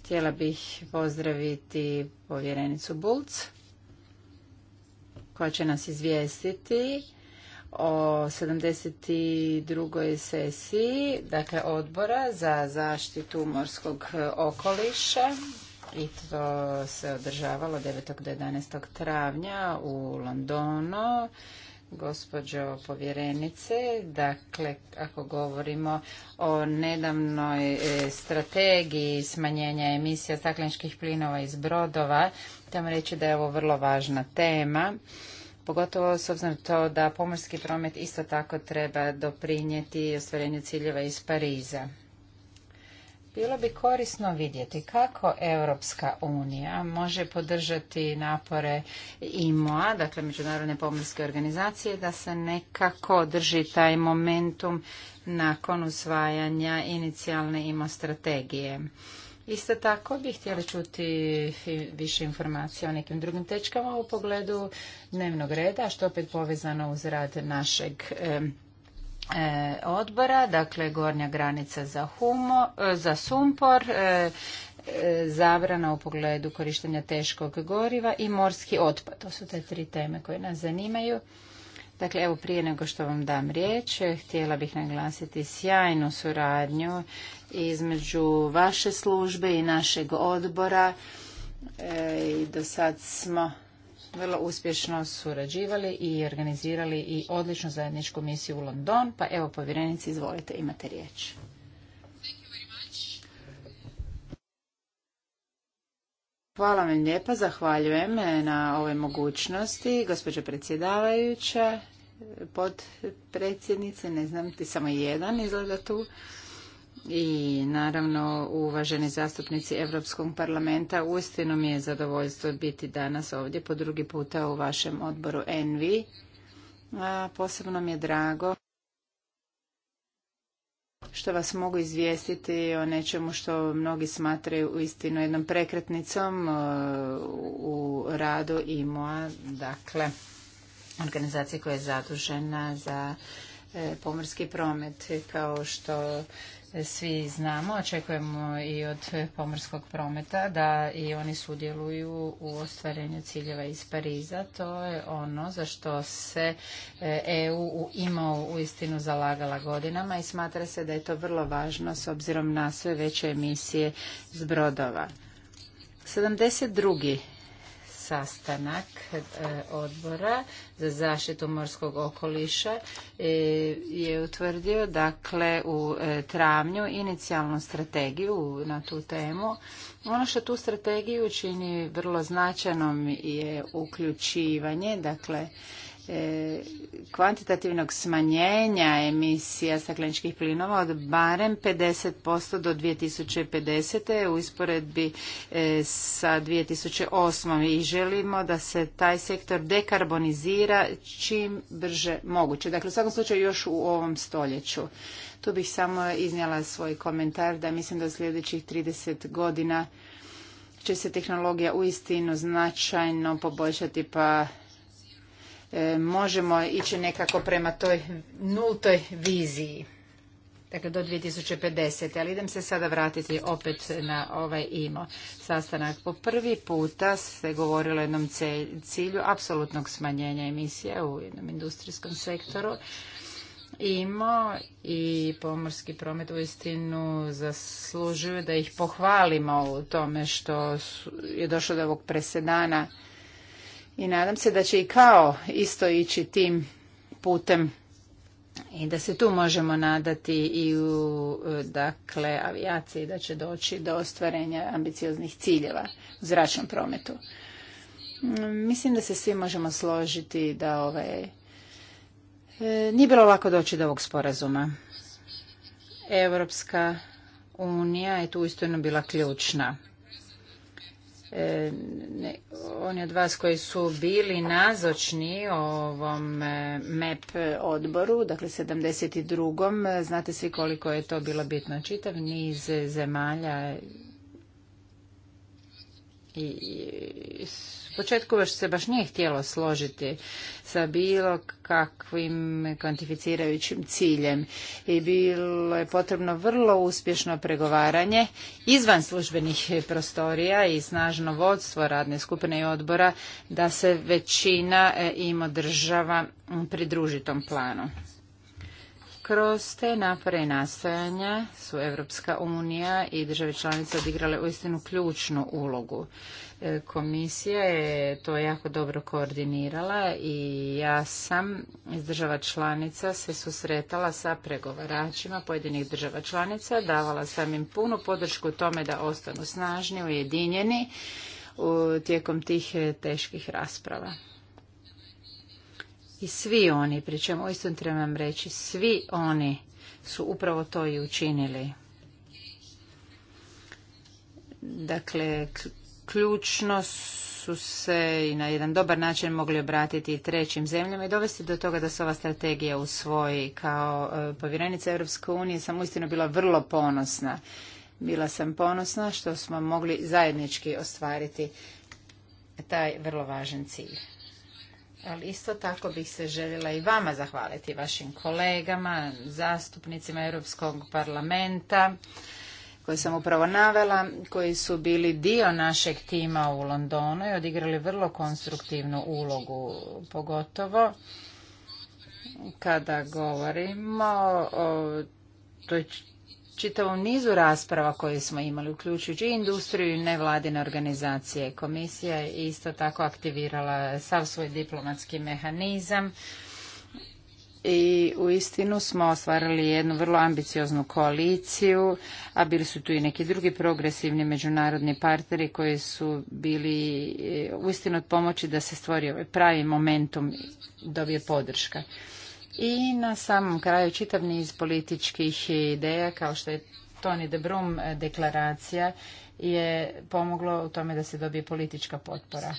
Htjela bih pozdraviti povjerenicu Bulc koja će nas izvijestiti o 72. sesiji dakle, odbora za zaštitu morskog okoliša i to se održavalo 9. do 11. travnja u Londonu gospođo povjerenice. Dakle, ako govorimo o nedavnoj e, strategiji smanjenja emisija stakleničkih plinova iz brodova, tamo reći da je ovo vrlo važna tema. Pogotovo s obzirom to da pomorski promet isto tako treba doprinijeti ostvarenju ciljeva iz Pariza. Bilo bi korisno vidjeti kako Europska unija može podržati napore IMOA, dakle Međunarodne pomorske organizacije, da se nekako drži taj momentum nakon usvajanja inicijalne IMO strategije. Isto tako bih htjela čuti više informacija o nekim drugim tečkama u pogledu dnevnog reda, što opet povezano uz rad našeg E, odbora, dakle gornja granica za, humo, e, za sumpor, e, zabrana u pogledu korištenja teškog goriva i morski otpad. To su te tri teme koje nas zanimaju. Dakle, evo prije nego što vam dam riječ, htjela bih naglasiti sjajnu suradnju između vaše službe i našeg odbora. I do sad smo vrlo uspješno surađivali i organizirali i odličnu zajedničku misiju u London. Pa evo, povjerenici, izvolite, imate riječ. Hvala vam lijepa, zahvaljujem na ovoj mogućnosti, gospođo predsjedavajuća, predsjednice ne znam, ti samo jedan izgleda tu i naravno uvaženi zastupnici Europskog parlamenta. Uistinu mi je zadovoljstvo biti danas ovdje po drugi puta u vašem odboru ENVI. Posebno mi je drago što vas mogu izvijestiti o nečemu što mnogi smatraju uistinu jednom prekretnicom e, u radu IMOA, dakle organizacija koja je zadužena za e, pomorski promet kao što svi znamo, očekujemo i od pomorskog prometa da i oni sudjeluju u ostvarenju ciljeva iz Pariza. To je ono za što se EU e imao u istinu zalagala godinama i smatra se da je to vrlo važno s obzirom na sve veće emisije zbrodova. brodova. 72 sastanak e, odbora za zaštitu morskog okoliša e, je utvrdio dakle u e, travnju inicijalnu strategiju na tu temu. Ono što tu strategiju čini vrlo značajnom je uključivanje, dakle E, kvantitativnog smanjenja emisija stakleničkih plinova od barem 50% do 2050. u isporedbi e, sa 2008. i želimo da se taj sektor dekarbonizira čim brže moguće. Dakle, u svakom slučaju još u ovom stoljeću. Tu bih samo iznijela svoj komentar da mislim da u sljedećih 30 godina će se tehnologija uistinu značajno poboljšati pa E, možemo ići nekako prema toj nultoj viziji. Dakle, do 2050. Ali idem se sada vratiti opet na ovaj IMO sastanak. Po prvi puta se govorilo o jednom cilju apsolutnog smanjenja emisije u jednom industrijskom sektoru. IMO i pomorski promet u istinu zaslužuju da ih pohvalimo u tome što je došlo do ovog presedana i nadam se da će i kao isto ići tim putem i da se tu možemo nadati i u dakle, avijaciji da će doći do ostvarenja ambicioznih ciljeva u zračnom prometu. Mislim da se svi možemo složiti da ovaj, e, nije bilo lako doći do ovog sporazuma. Europska unija je tu istojno bila ključna. E, oni od vas koji su bili nazočni ovom e, MEP odboru, dakle 72. Znate svi koliko je to bilo bitno. Čitav niz zemalja i s početku još se baš nije htjelo složiti sa bilo kakvim kvantificirajućim ciljem i bilo je potrebno vrlo uspješno pregovaranje izvan službenih prostorija i snažno vodstvo radne skupine i odbora da se većina e, im država pridruži tom planu. Kroz te napore i nastojanja su Europska unija i države članice odigrale uistinu ključnu ulogu. E, komisija je to jako dobro koordinirala i ja sam iz država članica se susretala sa pregovaračima pojedinih država članica, davala sam im punu podršku tome da ostanu snažni, ujedinjeni tijekom tih e, teških rasprava i svi oni, pri čemu istom trebam reći, svi oni su upravo to i učinili. Dakle, ključno su se i na jedan dobar način mogli obratiti i trećim zemljama i dovesti do toga da se ova strategija usvoji. Kao e, povjerenica Europske unije sam uistinu bila vrlo ponosna. Bila sam ponosna što smo mogli zajednički ostvariti taj vrlo važan cilj. Ali isto tako bih se željela i vama zahvaliti, vašim kolegama, zastupnicima Europskog parlamenta koje sam upravo navela, koji su bili dio našeg tima u Londonu i odigrali vrlo konstruktivnu ulogu, pogotovo kada govorimo o toj čitavom nizu rasprava koje smo imali, uključujući industriju i nevladine organizacije. Komisija je isto tako aktivirala sav svoj diplomatski mehanizam i u istinu smo ostvarili jednu vrlo ambicioznu koaliciju, a bili su tu i neki drugi progresivni međunarodni partneri koji su bili e, u istinu od pomoći da se stvori ovaj pravi momentum dobije podrška. I na samom kraju čitav niz političkih ideja kao što je Tony de Brum e, deklaracija je pomoglo u tome da se dobije politička potpora.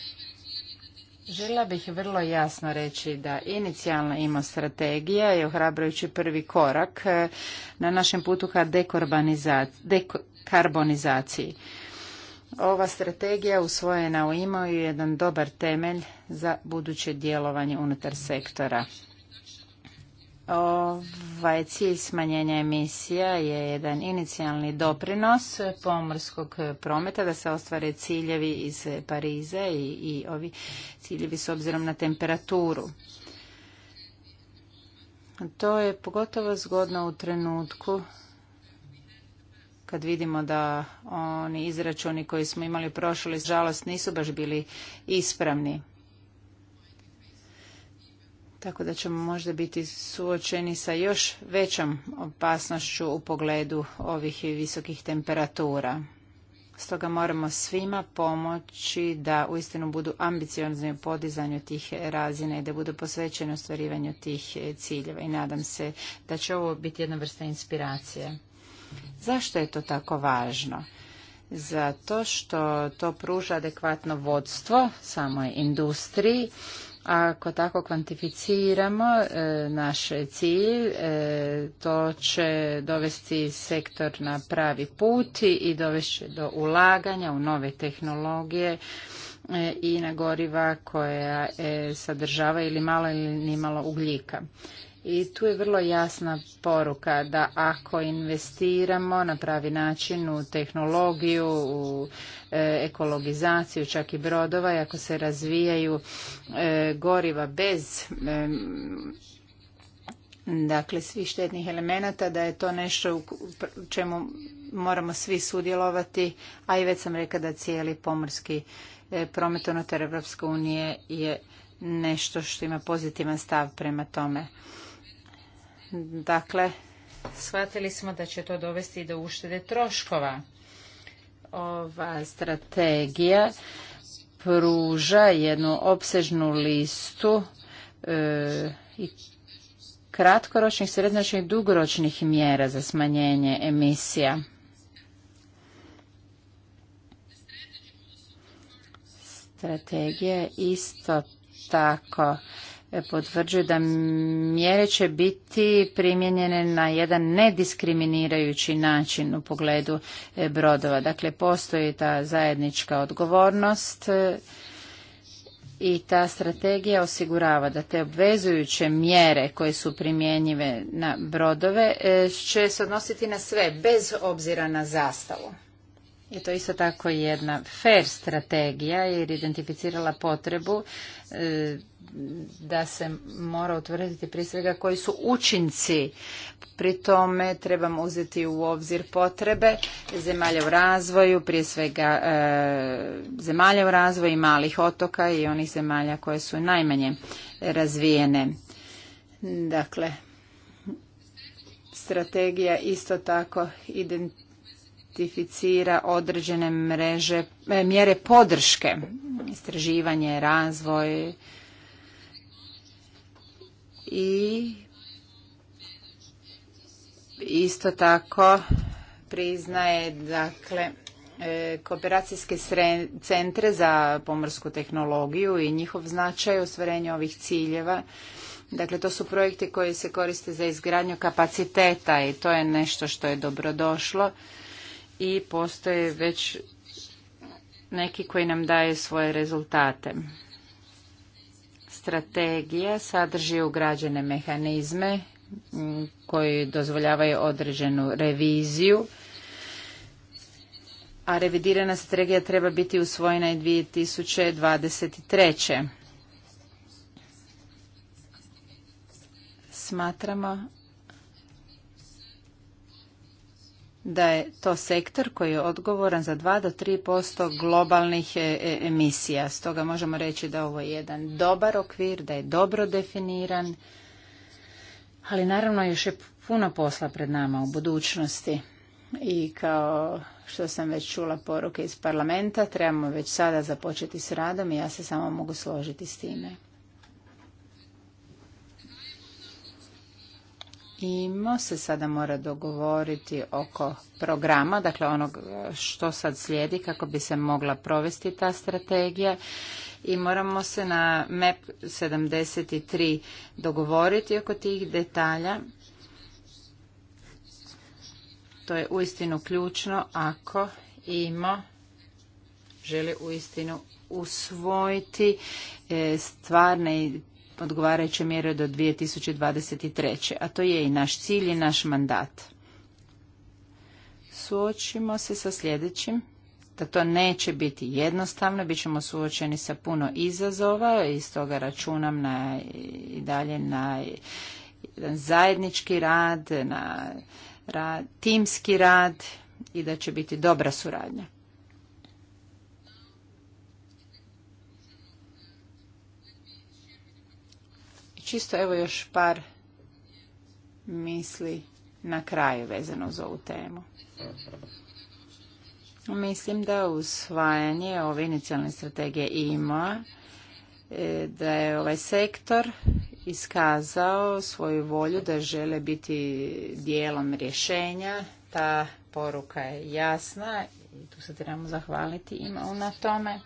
Žela bih vrlo jasno reći da inicijalna ima strategija je ohrabrujući prvi korak e, na našem putu ka dekarbonizaciji. Ova strategija usvojena u imaju jedan dobar temelj za buduće djelovanje unutar sektora. Ovaj cilj smanjenja emisija je jedan inicijalni doprinos pomorskog prometa da se ostvare ciljevi iz Parize i, i ovi ciljevi s obzirom na temperaturu. To je pogotovo zgodno u trenutku kad vidimo da oni izračuni koji smo imali prošli žalost nisu baš bili ispravni tako da ćemo možda biti suočeni sa još većom opasnošću u pogledu ovih visokih temperatura. Stoga moramo svima pomoći da uistinu budu ambiciozni u podizanju tih razine i da budu posvećeni ostvarivanju tih ciljeva i nadam se da će ovo biti jedna vrsta inspiracije. Zašto je to tako važno? Zato što to pruža adekvatno vodstvo samoj industriji ako tako kvantificiramo e, naš cilj, e, to će dovesti sektor na pravi put i dovesti do ulaganja u nove tehnologije e, i na goriva koja sadržava ili malo ili nimalo ugljika. I tu je vrlo jasna poruka da ako investiramo na pravi način u tehnologiju, u e, ekologizaciju, čak i brodova, i ako se razvijaju e, goriva bez dakle svih štetnih elemenata, da je to nešto u čemu moramo svi sudjelovati, a i već sam rekla da cijeli pomorski e, promet unutar Europske unije je nešto što ima pozitivan stav prema tome. Dakle, shvatili smo da će to dovesti do uštede troškova. Ova strategija pruža jednu opsežnu listu e, i kratkoročnih, srednjoročnih i dugoročnih mjera za smanjenje emisija. Strategija isto tako potvrđuju da mjere će biti primijenjene na jedan nediskriminirajući način u pogledu e, brodova. Dakle, postoji ta zajednička odgovornost e, i ta strategija osigurava da te obvezujuće mjere koje su primjenjive na brodove e, će se odnositi na sve bez obzira na zastavu je to isto tako jedna fair strategija jer identificirala potrebu e, da se mora utvrditi prije svega koji su učinci. Pri tome trebamo uzeti u obzir potrebe zemalja u razvoju, prije svega e, zemalja u razvoju i malih otoka i onih zemalja koje su najmanje razvijene. Dakle, strategija isto tako identificira identificira određene mreže, e, mjere podrške, istraživanje, razvoj i isto tako priznaje dakle e, kooperacijske centre za pomorsku tehnologiju i njihov značaj u stvarenju ovih ciljeva. Dakle, to su projekti koji se koriste za izgradnju kapaciteta i to je nešto što je dobrodošlo i postoje već neki koji nam daje svoje rezultate. Strategija sadrži ugrađene mehanizme koji dozvoljavaju određenu reviziju, a revidirana strategija treba biti usvojena i 2023. Smatramo da je to sektor koji je odgovoran za 2 do 3% globalnih e, e, emisija. Stoga možemo reći da ovo je jedan dobar okvir, da je dobro definiran, ali naravno još je puno posla pred nama u budućnosti. I kao što sam već čula poruke iz parlamenta, trebamo već sada započeti s radom i ja se samo mogu složiti s time. IMO se sada mora dogovoriti oko programa, dakle onog e, što sad slijedi kako bi se mogla provesti ta strategija i moramo se na MEP 73 dogovoriti oko tih detalja. To je uistinu ključno ako IMO želi uistinu usvojiti e, stvarne i odgovarajuće mjere do 2023. A to je i naš cilj i naš mandat. Suočimo se sa sljedećim da to neće biti jednostavno, bit ćemo suočeni sa puno izazova i stoga računam na, i dalje na zajednički rad, na rad, timski rad i da će biti dobra suradnja. Čisto evo još par misli na kraju vezano uz ovu temu. Mislim da usvajanje ove inicijalne strategije ima e, da je ovaj sektor iskazao svoju volju da žele biti dijelom rješenja. Ta poruka je jasna i tu se trebamo zahvaliti ima na tome.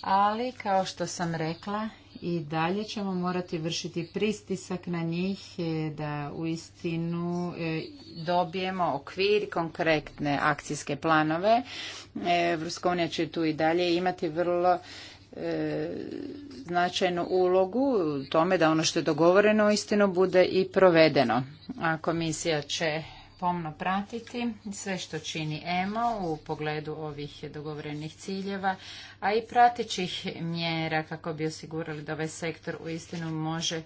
Ali, kao što sam rekla, i dalje ćemo morati vršiti pristisak na njih e, da u istinu e, dobijemo okvir konkretne akcijske planove. E, Evropska unija će tu i dalje imati vrlo značajnu ulogu u tome da ono što je dogovoreno istinu bude i provedeno. A komisija će pomno pratiti sve što čini EMA u pogledu ovih dogovorenih ciljeva, a i pratećih mjera kako bi osigurali da ovaj sektor uistinu može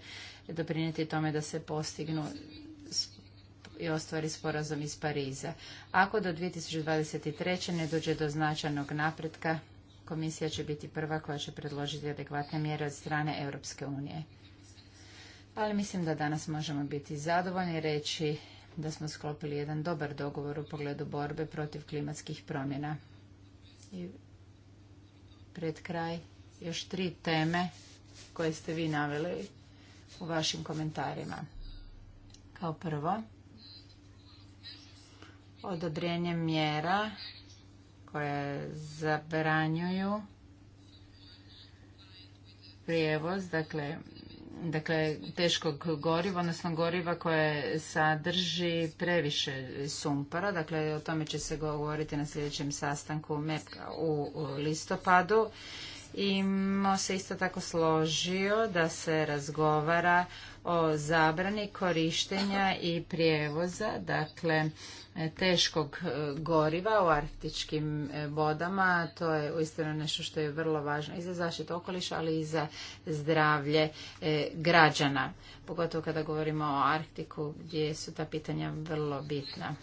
doprinijeti tome da se postignu i ostvari sporazum iz Pariza. Ako do 2023. ne dođe do značajnog napretka, komisija će biti prva koja će predložiti adekvatne mjere od strane Europske unije. Ali mislim da danas možemo biti zadovoljni reći da smo sklopili jedan dobar dogovor u pogledu borbe protiv klimatskih promjena. I pred kraj još tri teme koje ste vi naveli u vašim komentarima. Kao prvo, odobrenje mjera koje zabranjuju prijevoz, dakle dakle, teškog goriva, odnosno goriva koje sadrži previše sumpara. Dakle, o tome će se govoriti na sljedećem sastanku MEP u listopadu. I se isto tako složio da se razgovara o zabrani korištenja i prijevoza, dakle teškog e, goriva u arktičkim e, vodama. To je uistinu nešto što je vrlo važno i za zaštitu okoliša, ali i za zdravlje e, građana. Pogotovo kada govorimo o Arktiku gdje su ta pitanja vrlo bitna.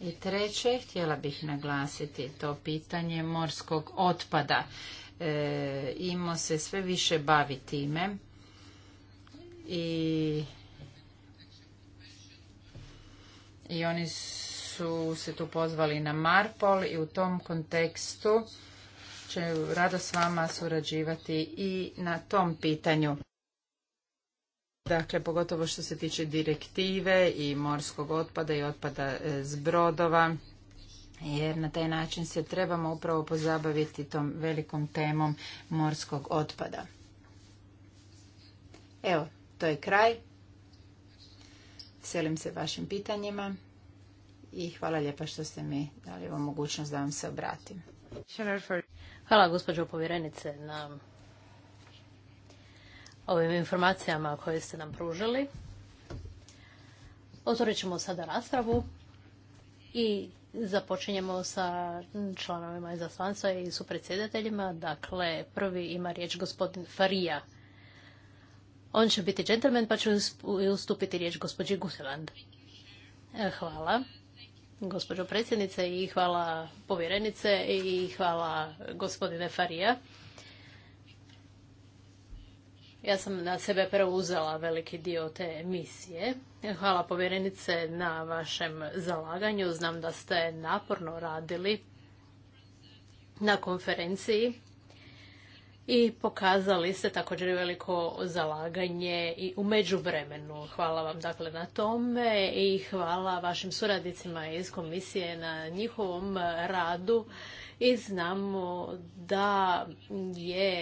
I treće, htjela bih naglasiti to pitanje morskog otpada. Imo se sve više bavi time i i oni su se tu pozvali na Marpol i u tom kontekstu će rado s vama surađivati i na tom pitanju. Dakle, pogotovo što se tiče direktive i morskog otpada i otpada e, s brodova, jer na taj način se trebamo upravo pozabaviti tom velikom temom morskog otpada. Evo, to je kraj. Selim se vašim pitanjima i hvala lijepa što ste mi dali ovu mogućnost da vam se obratim. Hvala gospođo povjerenice na ovim informacijama koje ste nam pružili. Otvorit ćemo sada raspravu i započinjemo sa članovima izaslanstva i supredsjedateljima. Dakle, prvi ima riječ gospodin Farija. On će biti džentlmen pa ću ustupiti riječ gospođi Guseland. E, hvala gospođo predsjednice i hvala povjerenice i hvala gospodine Farija. Ja sam na sebe preuzela veliki dio te emisije. Hvala povjerenice na vašem zalaganju. Znam da ste naporno radili na konferenciji i pokazali ste također veliko zalaganje i u međuvremenu. Hvala vam dakle na tome i hvala vašim suradnicima iz komisije na njihovom radu i znamo da je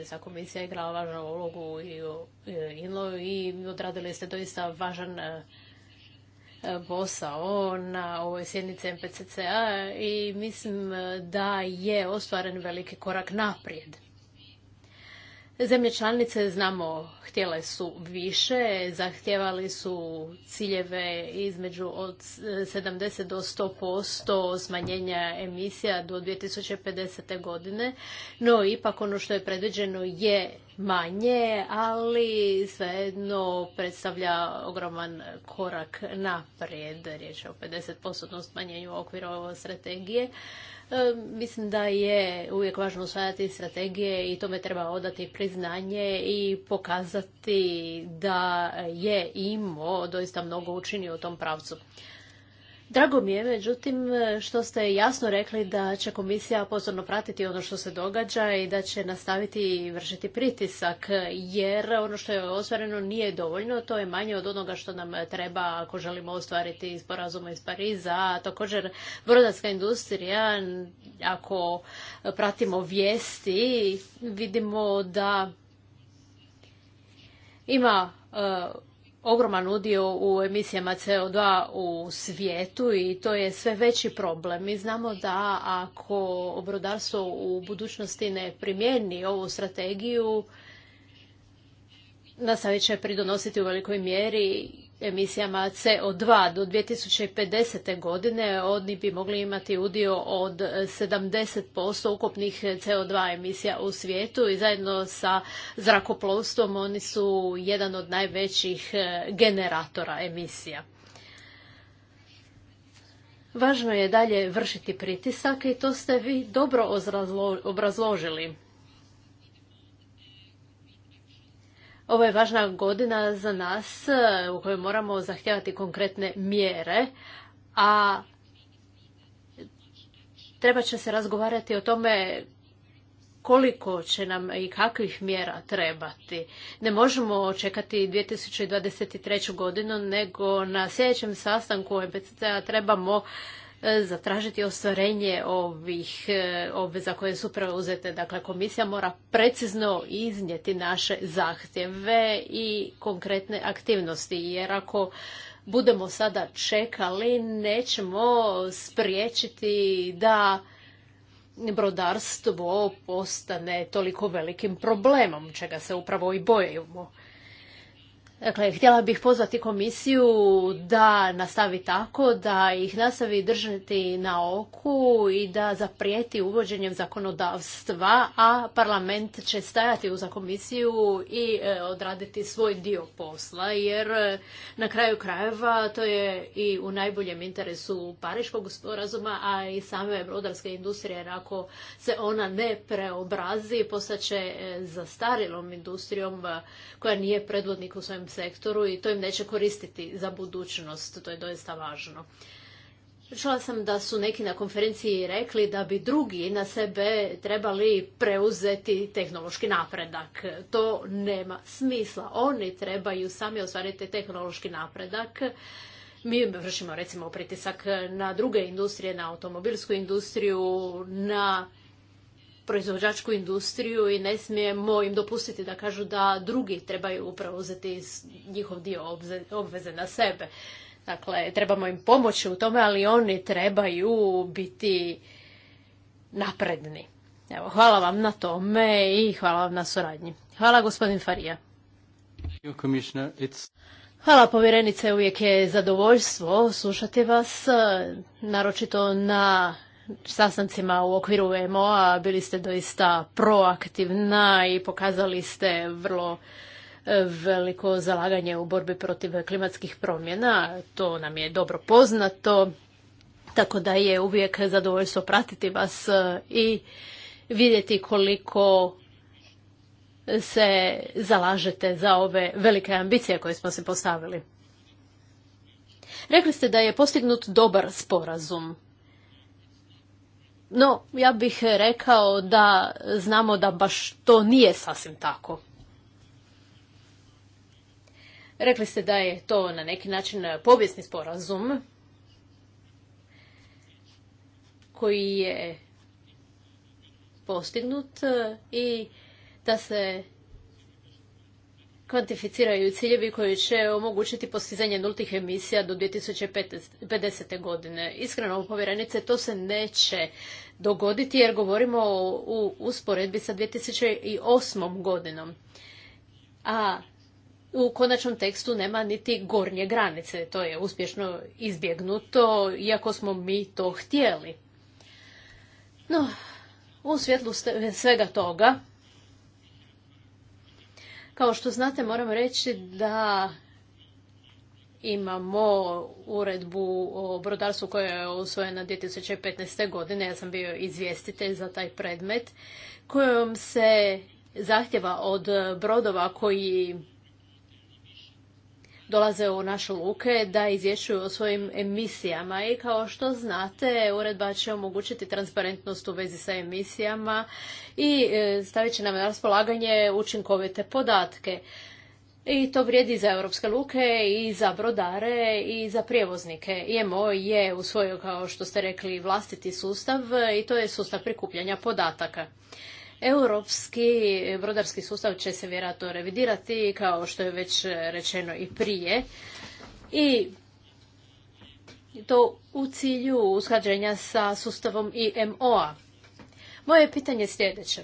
e, komisija igrala važnu ulogu i, e, i, i odradili ste doista važan e, posao na ovoj sjednici MPCC-a i mislim da je ostvaren veliki korak naprijed. Zemlje članice, znamo, htjele su više, zahtjevali su ciljeve između od 70 do 100% smanjenja emisija do 2050. godine, no ipak ono što je predviđeno je manje, ali svejedno predstavlja ogroman korak naprijed, riječ je o 50% smanjenju okvira strategije. E, mislim da je uvijek važno usvajati strategije i tome treba odati priznanje i pokazati da je IMO doista mnogo učinio u tom pravcu. Drago mi je, međutim, što ste jasno rekli da će komisija pozorno pratiti ono što se događa i da će nastaviti vršiti pritisak, jer ono što je ostvareno nije dovoljno, to je manje od onoga što nam treba ako želimo ostvariti sporazume iz Pariza, a također brodarska industrija, ako pratimo vijesti, vidimo da ima e, ogroman udio u emisijama CO2 u svijetu i to je sve veći problem. Mi znamo da ako brodarstvo u budućnosti ne primijeni ovu strategiju, nastavit će pridonositi u velikoj mjeri emisijama CO2 do 2050. godine oni bi mogli imati udio od 70% ukupnih CO2 emisija u svijetu i zajedno sa zrakoplovstvom oni su jedan od najvećih e, generatora emisija. Važno je dalje vršiti pritisak i to ste vi dobro obrazložili. Ovo je važna godina za nas e, u kojoj moramo zahtijevati konkretne mjere, a treba će se razgovarati o tome koliko će nam i kakvih mjera trebati. Ne možemo čekati 2023. godinu, nego na sljedećem sastanku u a trebamo zatražiti ostvarenje ovih e, obveza koje su preuzete. Dakle, komisija mora precizno iznijeti naše zahtjeve i konkretne aktivnosti, jer ako budemo sada čekali, nećemo spriječiti da brodarstvo postane toliko velikim problemom, čega se upravo i bojimo. Dakle, htjela bih pozvati komisiju da nastavi tako, da ih nastavi držati na oku i da zaprijeti uvođenjem zakonodavstva, a parlament će stajati uza komisiju i e, odraditi svoj dio posla, jer e, na kraju krajeva to je i u najboljem interesu Pariškog sporazuma, a i same brodarske industrije, jer ako se ona ne preobrazi, postaće zastarilom industrijom e, koja nije predvodnik u svojem sektoru i to im neće koristiti za budućnost. To je doista važno. Čula sam da su neki na konferenciji rekli da bi drugi na sebe trebali preuzeti tehnološki napredak. To nema smisla. Oni trebaju sami ostvariti tehnološki napredak. Mi vršimo recimo pritisak na druge industrije, na automobilsku industriju, na proizvođačku industriju i ne smijemo im dopustiti da kažu da drugi trebaju upravo uzeti njihov dio obveze na sebe. Dakle, trebamo im pomoći u tome, ali oni trebaju biti napredni. Evo, hvala vam na tome i hvala vam na suradnji. Hvala gospodin Farija. Hvala povjerenice, uvijek je zadovoljstvo slušati vas, naročito na sastancima u okviru EMO-a bili ste doista proaktivna i pokazali ste vrlo e, veliko zalaganje u borbi protiv klimatskih promjena. To nam je dobro poznato, tako da je uvijek zadovoljstvo pratiti vas e, i vidjeti koliko se zalažete za ove velike ambicije koje smo se postavili. Rekli ste da je postignut dobar sporazum. No, ja bih rekao da znamo da baš to nije sasvim tako. Rekli ste da je to na neki način povijesni sporazum koji je postignut i da se kvantificiraju ciljevi koji će omogućiti postizanje nultih emisija do 2050. godine. Iskreno, povjerenice, to se neće dogoditi jer govorimo u usporedbi sa 2008. godinom. A u konačnom tekstu nema niti gornje granice. To je uspješno izbjegnuto, iako smo mi to htjeli. No, u svjetlu svega toga, kao što znate, moram reći da imamo uredbu o brodarstvu koja je usvojena 2015. godine. Ja sam bio izvjestitelj za taj predmet kojom se zahtjeva od brodova koji dolaze u naše luke da izvješćuju o svojim emisijama i kao što znate uredba će omogućiti transparentnost u vezi sa emisijama i e, stavit će nam na raspolaganje učinkovite podatke. I to vrijedi za europske luke i za brodare i za prijevoznike. IMO je u usvojio, kao što ste rekli, vlastiti sustav e, i to je sustav prikupljanja podataka. Europski brodarski sustav će se vjerojatno revidirati, kao što je već rečeno i prije. I to u cilju usklađenja sa sustavom IMO-a. Moje pitanje je sljedeće.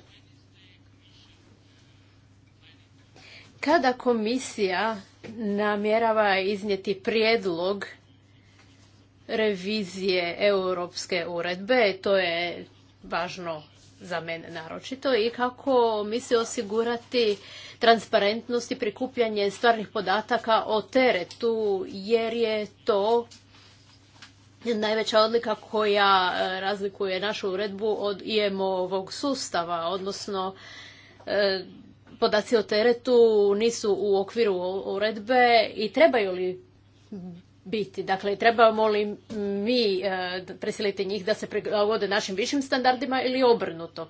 Kada komisija namjerava iznijeti prijedlog revizije europske uredbe, to je važno za mene naročito i kako misli osigurati transparentnost i prikupljanje stvarnih podataka o teretu jer je to najveća odlika koja e, razlikuje našu uredbu od IMO-ovog sustava, odnosno e, podaci o teretu nisu u okviru uredbe i trebaju li biti. Dakle, trebamo li mi e, presiliti njih da se prilagode našim višim standardima ili obrnuto?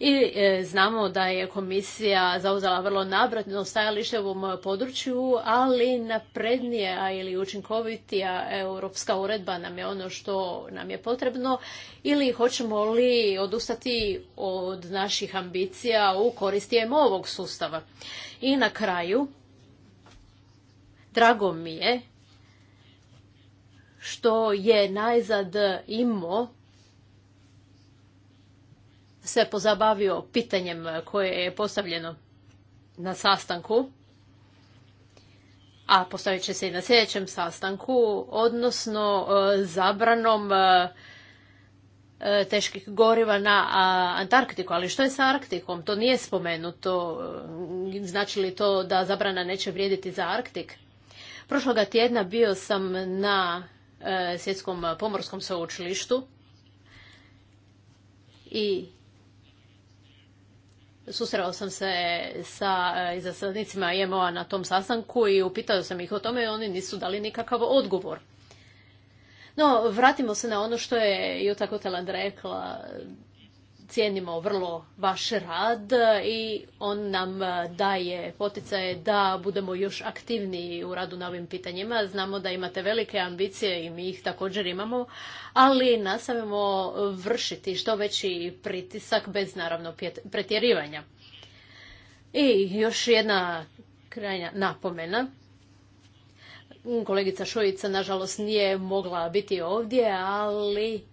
I e, znamo da je komisija zauzela vrlo nabratno stajalište u ovom području, ali naprednija ili učinkovitija europska uredba nam je ono što nam je potrebno ili hoćemo li odustati od naših ambicija u koristijem ovog sustava. I na kraju, drago mi je što je najzad imao se pozabavio pitanjem koje je postavljeno na sastanku, a postavit će se i na sljedećem sastanku, odnosno e, zabranom e, e, teških goriva na Antarktiku. Ali što je sa Arktikom? To nije spomenuto. Znači li to da zabrana neće vrijediti za Arktik? Prošloga tjedna bio sam na E, Svjetskom pomorskom sveučilištu i susrela sam se sa e, izaslanicima IMO-a na tom sastanku i upitao sam ih o tome i oni nisu dali nikakav odgovor. No, vratimo se na ono što je Juta Koteland rekla cijenimo vrlo vaš rad i on nam eh, daje poticaje da budemo još aktivniji u radu na ovim pitanjima. Znamo da imate velike ambicije i mi ih također imamo, ali nastavimo vršiti što veći pritisak bez naravno pretjerivanja. I još jedna krajnja napomena. Kolegica Šojica nažalost nije mogla biti ovdje, ali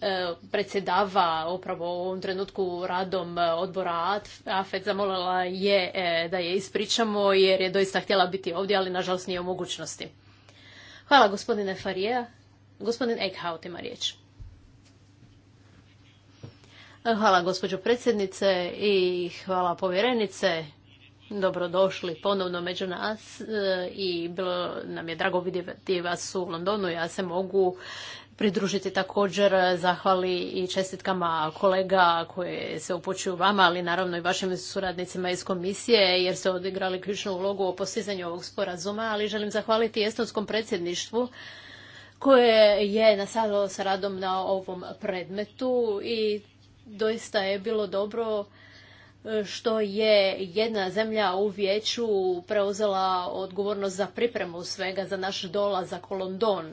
E, predsjedava upravo u ovom trenutku radom e, odbora AFED zamolila je e, da je ispričamo jer je doista htjela biti ovdje, ali nažalost nije u mogućnosti. Hvala gospodine Farija. Gospodin Eichhout ima riječ. Hvala gospođo predsjednice i hvala povjerenice. Dobrodošli ponovno među nas i bilo nam je drago vidjeti vas u Londonu. Ja se mogu pridružiti također zahvali i čestitkama kolega koje se upućuju vama, ali naravno i vašim suradnicima iz komisije jer ste odigrali ključnu ulogu o postizanju ovog sporazuma, ali želim zahvaliti estonskom predsjedništvu koje je nastavilo sa radom na ovom predmetu i doista je bilo dobro što je jedna zemlja u vijeću preuzela odgovornost za pripremu svega za naš dolazak u London.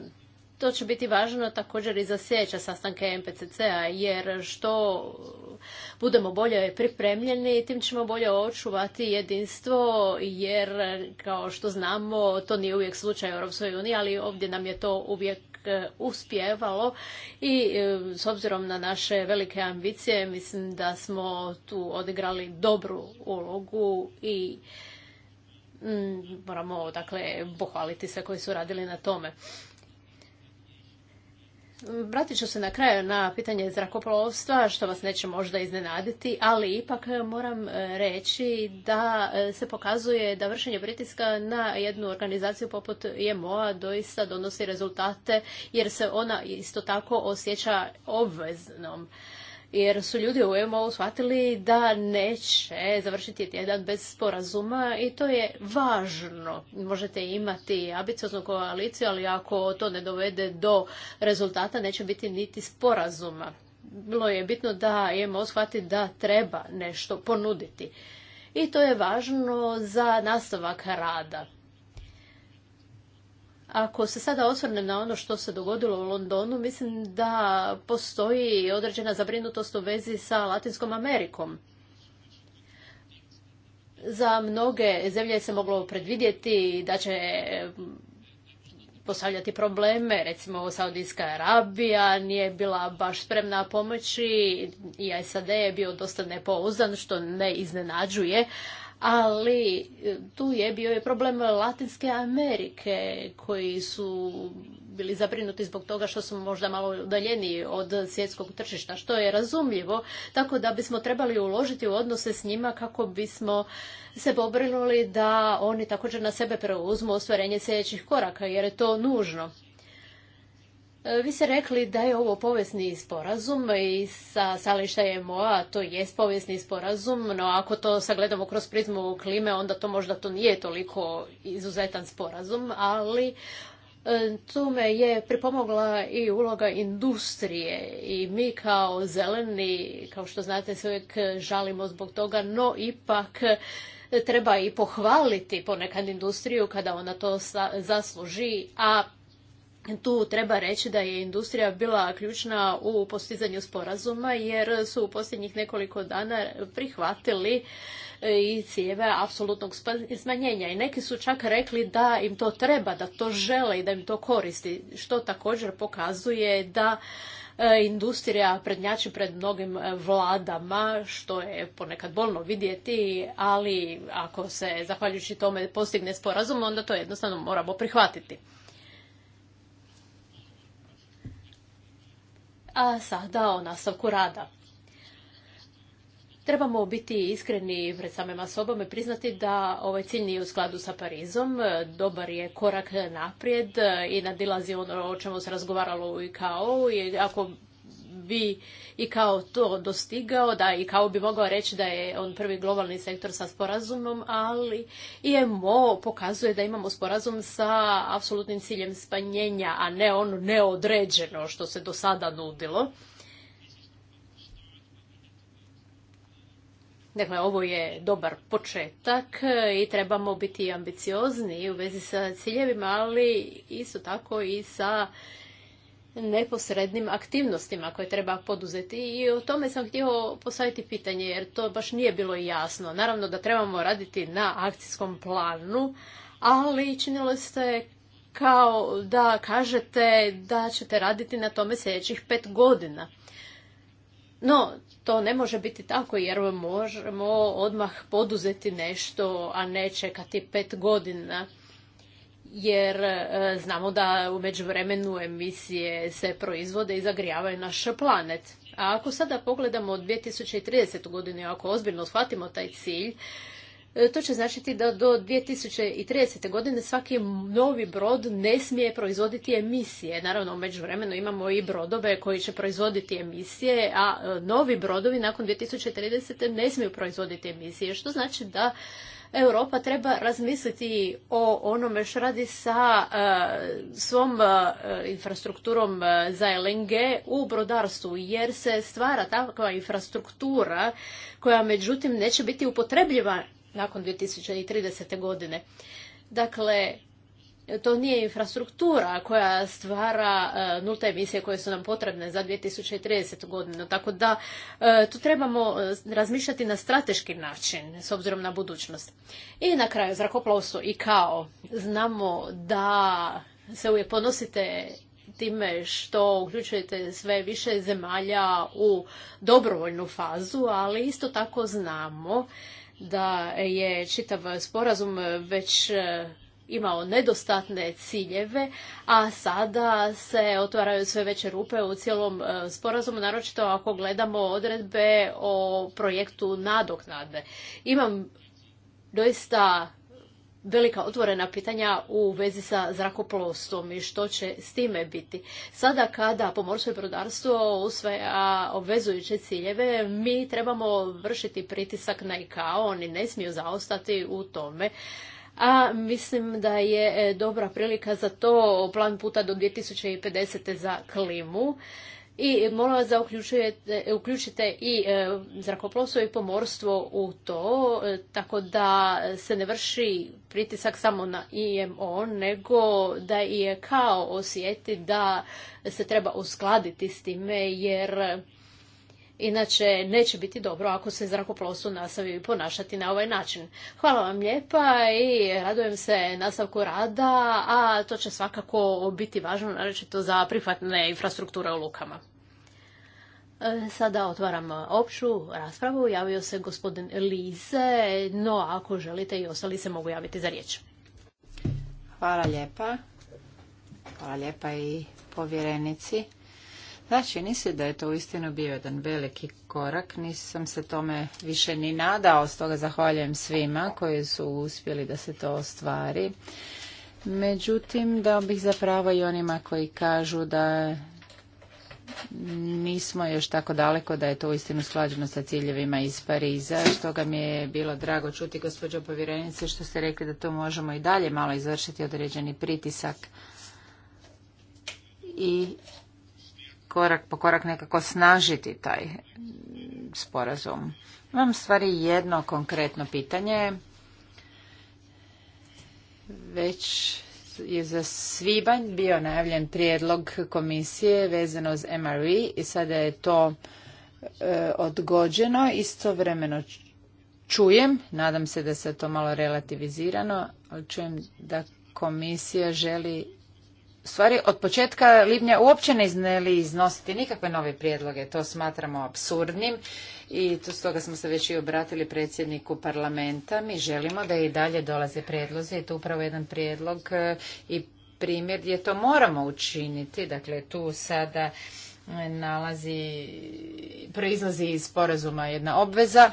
To će biti važno također i za sljedeće sastanke MPCC-a, jer što budemo bolje pripremljeni, tim ćemo bolje očuvati jedinstvo, jer kao što znamo, to nije uvijek slučaj u Europskoj uniji, ali ovdje nam je to uvijek e, uspjevalo i e, s obzirom na naše velike ambicije mislim da smo tu odigrali dobru ulogu i mm, moramo dakle pohvaliti sve koji su radili na tome. Vratit ću se na kraju na pitanje zrakoplovstva, što vas neće možda iznenaditi, ali ipak moram e, reći da e, se pokazuje da vršenje pritiska na jednu organizaciju poput IMO-a doista donosi rezultate, jer se ona isto tako osjeća obveznom jer su ljudi u EMO shvatili da neće završiti tjedan bez sporazuma i to je važno. Možete imati ambicioznu koaliciju, ali ako to ne dovede do rezultata, neće biti niti sporazuma. Bilo je bitno da EMO shvati da treba nešto ponuditi. I to je važno za nastavak rada. Ako se sada osvrnem na ono što se dogodilo u Londonu, mislim da postoji određena zabrinutost u vezi sa Latinskom Amerikom. Za mnoge zemlje se moglo predvidjeti da će postavljati probleme, recimo Saudijska Arabija nije bila baš spremna pomoći i SAD je bio dosta nepouzdan, što ne iznenađuje, ali e, tu je bio je problem Latinske Amerike koji su bili zabrinuti zbog toga što su možda malo udaljeniji od svjetskog tržišta, što je razumljivo, tako da bismo trebali uložiti u odnose s njima kako bismo se pobrinuli da oni također na sebe preuzmu ostvarenje sljedećih koraka, jer je to nužno. E, vi ste rekli da je ovo povijesni sporazum i sa sališta je a to je povijesni sporazum, no ako to sagledamo kroz prizmu klime, onda to možda to nije toliko izuzetan sporazum, ali e, tome je pripomogla i uloga industrije i mi kao zeleni, kao što znate, se uvijek žalimo zbog toga, no ipak treba i pohvaliti ponekad industriju kada ona to zasluži, a tu treba reći da je industrija bila ključna u postizanju sporazuma jer su u posljednjih nekoliko dana prihvatili e, i cijeve apsolutnog smanjenja. I neki su čak rekli da im to treba, da to žele i da im to koristi, što također pokazuje da e, industrija prednjači pred mnogim e, vladama, što je ponekad bolno vidjeti, ali ako se zahvaljujući tome postigne sporazum, onda to jednostavno moramo prihvatiti. a sada o nastavku rada. Trebamo biti iskreni pred samima sobom i priznati da ovaj cilj nije u skladu sa Parizom. Dobar je korak naprijed i nadilazi ono o čemu se razgovaralo u IKO. I ako bi i kao to dostigao, da i kao bi mogao reći da je on prvi globalni sektor sa sporazumom, ali IMO pokazuje da imamo sporazum sa apsolutnim ciljem spanjenja, a ne ono neodređeno što se do sada nudilo. Dakle, ovo je dobar početak i trebamo biti ambiciozni u vezi sa ciljevima, ali isto tako i sa neposrednim aktivnostima koje treba poduzeti i o tome sam htio postaviti pitanje jer to baš nije bilo jasno. Naravno da trebamo raditi na akcijskom planu, ali činilo ste kao da kažete da ćete raditi na tome sljedećih pet godina. No, to ne može biti tako jer možemo odmah poduzeti nešto, a ne čekati pet godina jer e, znamo da u međuvremenu emisije se proizvode i zagrijavaju naš planet. A ako sada pogledamo 2030. godinu, ako ozbiljno shvatimo taj cilj, e, to će značiti da do 2030. godine svaki novi brod ne smije proizvoditi emisije. Naravno, u međuvremenu imamo i brodove koji će proizvoditi emisije, a e, novi brodovi nakon 2030. ne smiju proizvoditi emisije, što znači da Europa treba razmisliti o onome što radi sa e, svom e, infrastrukturom e, za LNG u brodarstvu, jer se stvara takva infrastruktura koja međutim neće biti upotrebljiva nakon 2030. godine. Dakle, to nije infrastruktura koja stvara e, nulte emisije koje su nam potrebne za 2030. godinu. Tako da e, tu trebamo e, razmišljati na strateški način s obzirom na budućnost. I na kraju zrakoplovstvo i kao znamo da se uvijek ponosite time što uključujete sve više zemalja u dobrovoljnu fazu, ali isto tako znamo da je čitav sporazum već imao nedostatne ciljeve, a sada se otvaraju sve veće rupe u cijelom e, sporazumu, naročito ako gledamo odredbe o projektu nadoknade. Imam doista velika otvorena pitanja u vezi sa zrakoplovstvom i što će s time biti. Sada kada pomorstvo i brodarstvo usvaja obvezujuće ciljeve, mi trebamo vršiti pritisak na ICAO, oni ne smiju zaostati u tome a mislim da je e, dobra prilika za to plan puta do 2050. za klimu. I molim vas da uključite i e, zrakoplovstvo i pomorstvo u to, e, tako da se ne vrši pritisak samo na IMO, nego da je kao osjeti da se treba uskladiti s time, jer Inače, neće biti dobro ako se zrakoplovstvo nastavi ponašati na ovaj način. Hvala vam lijepa i radujem se nastavku rada, a to će svakako biti važno, naročito za prihvatne infrastrukture u lukama. E, sada otvaram opšu raspravu. Javio se gospodin Lize, no ako želite i ostali se mogu javiti za riječ. Hvala lijepa. Hvala lijepa i povjerenici. Da, čini se da je to uistinu bio jedan veliki korak. Nisam se tome više ni nadao, stoga zahvaljujem svima koji su uspjeli da se to ostvari. Međutim, da bih zapravo i onima koji kažu da nismo još tako daleko da je to uistinu sklađeno sa ciljevima iz Pariza, stoga mi je bilo drago čuti gospođo povjerenice što ste rekli da to možemo i dalje malo izvršiti određeni pritisak i korak po korak nekako snažiti taj sporazum. Imam stvari jedno konkretno pitanje. Već je za svibanj bio najavljen prijedlog komisije vezano uz MRE i sada je to odgođeno odgođeno. Istovremeno čujem, nadam se da se to malo relativizirano, ali čujem da komisija želi stvari od početka Libnja uopće ne izneli iznositi nikakve nove prijedloge. To smatramo absurdnim i to stoga smo se već i obratili predsjedniku parlamenta. Mi želimo da i dalje dolaze prijedlozi i to upravo jedan prijedlog e, i primjer gdje to moramo učiniti. Dakle, tu sada e, nalazi, proizlazi iz sporazuma jedna obveza.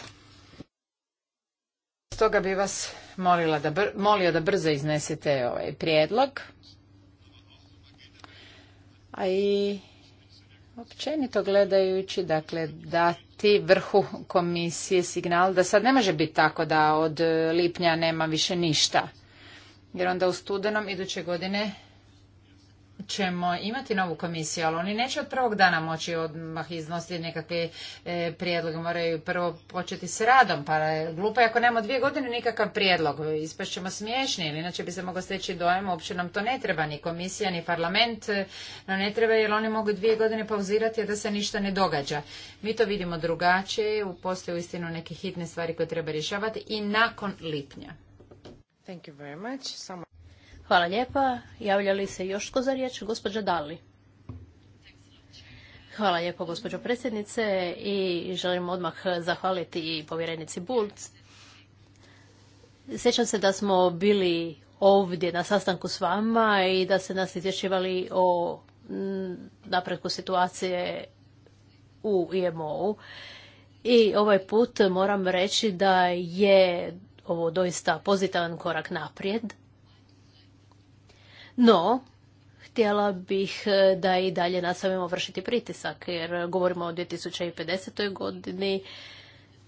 Stoga bi vas molila molio da brzo iznesete ovaj prijedlog a i općenito gledajući, dakle, dati vrhu komisije signal da sad ne može biti tako da od lipnja nema više ništa. Jer onda u studenom iduće godine ćemo imati novu komisiju, ali oni neće od prvog dana moći odmah iznositi nekakve e, prijedloge. Moraju prvo početi s radom, pa glupo ako nemamo dvije godine nikakav prijedlog. ćemo smiješni, ili inače bi se mogao steći dojem, uopće nam to ne treba, ni komisija, ni parlament, e, no ne treba jer oni mogu dvije godine pauzirati a da se ništa ne događa. Mi to vidimo drugačije, postoje istinu neke hitne stvari koje treba rješavati i nakon lipnja. Hvala lijepa. Javlja li se još tko za riječ? Gospođa Dali. Hvala lijepo, gospođo predsjednice, i želim odmah zahvaliti i povjerenici Bulc. Sjećam se da smo bili ovdje na sastanku s vama i da se nas izvješćivali o mm, napretku situacije u IMO-u. I ovaj put moram reći da je ovo doista pozitivan korak naprijed. No, htjela bih e, da i dalje nastavimo vršiti pritisak, jer govorimo o 2050. godini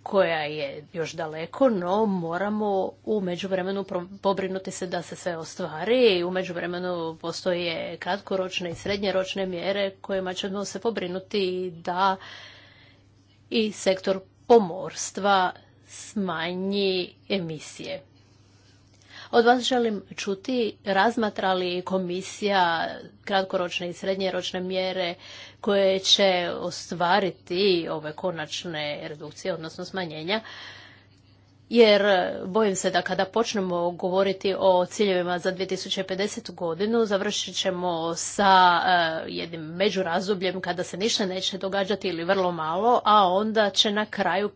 koja je još daleko, no moramo u međuvremenu pobrinuti se da se sve ostvari. I U međuvremenu postoje kratkoročne i srednjeročne mjere kojima ćemo se pobrinuti da i sektor pomorstva smanji emisije. Od vas želim čuti razmatra li komisija kratkoročne i srednjeročne mjere koje će ostvariti ove konačne redukcije, odnosno smanjenja, jer bojim se da kada počnemo govoriti o ciljevima za 2050. godinu završit ćemo sa eh, jednim međurazubljem kada se ništa neće događati ili vrlo malo, a onda će na kraju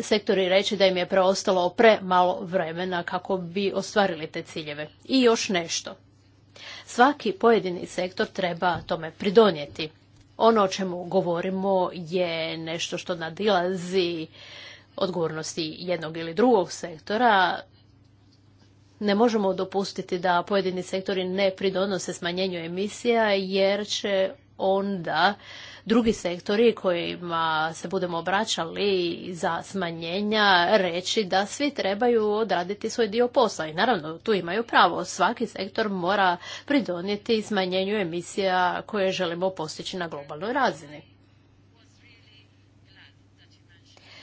sektori reći da im je preostalo premalo vremena kako bi ostvarili te ciljeve. I još nešto. Svaki pojedini sektor treba tome pridonijeti. Ono o čemu govorimo je nešto što nadilazi odgovornosti jednog ili drugog sektora. Ne možemo dopustiti da pojedini sektori ne pridonose smanjenju emisija jer će onda drugi sektori kojima se budemo obraćali za smanjenja reći da svi trebaju odraditi svoj dio posla. I naravno, tu imaju pravo. Svaki sektor mora pridonijeti smanjenju emisija koje želimo postići na globalnoj razini.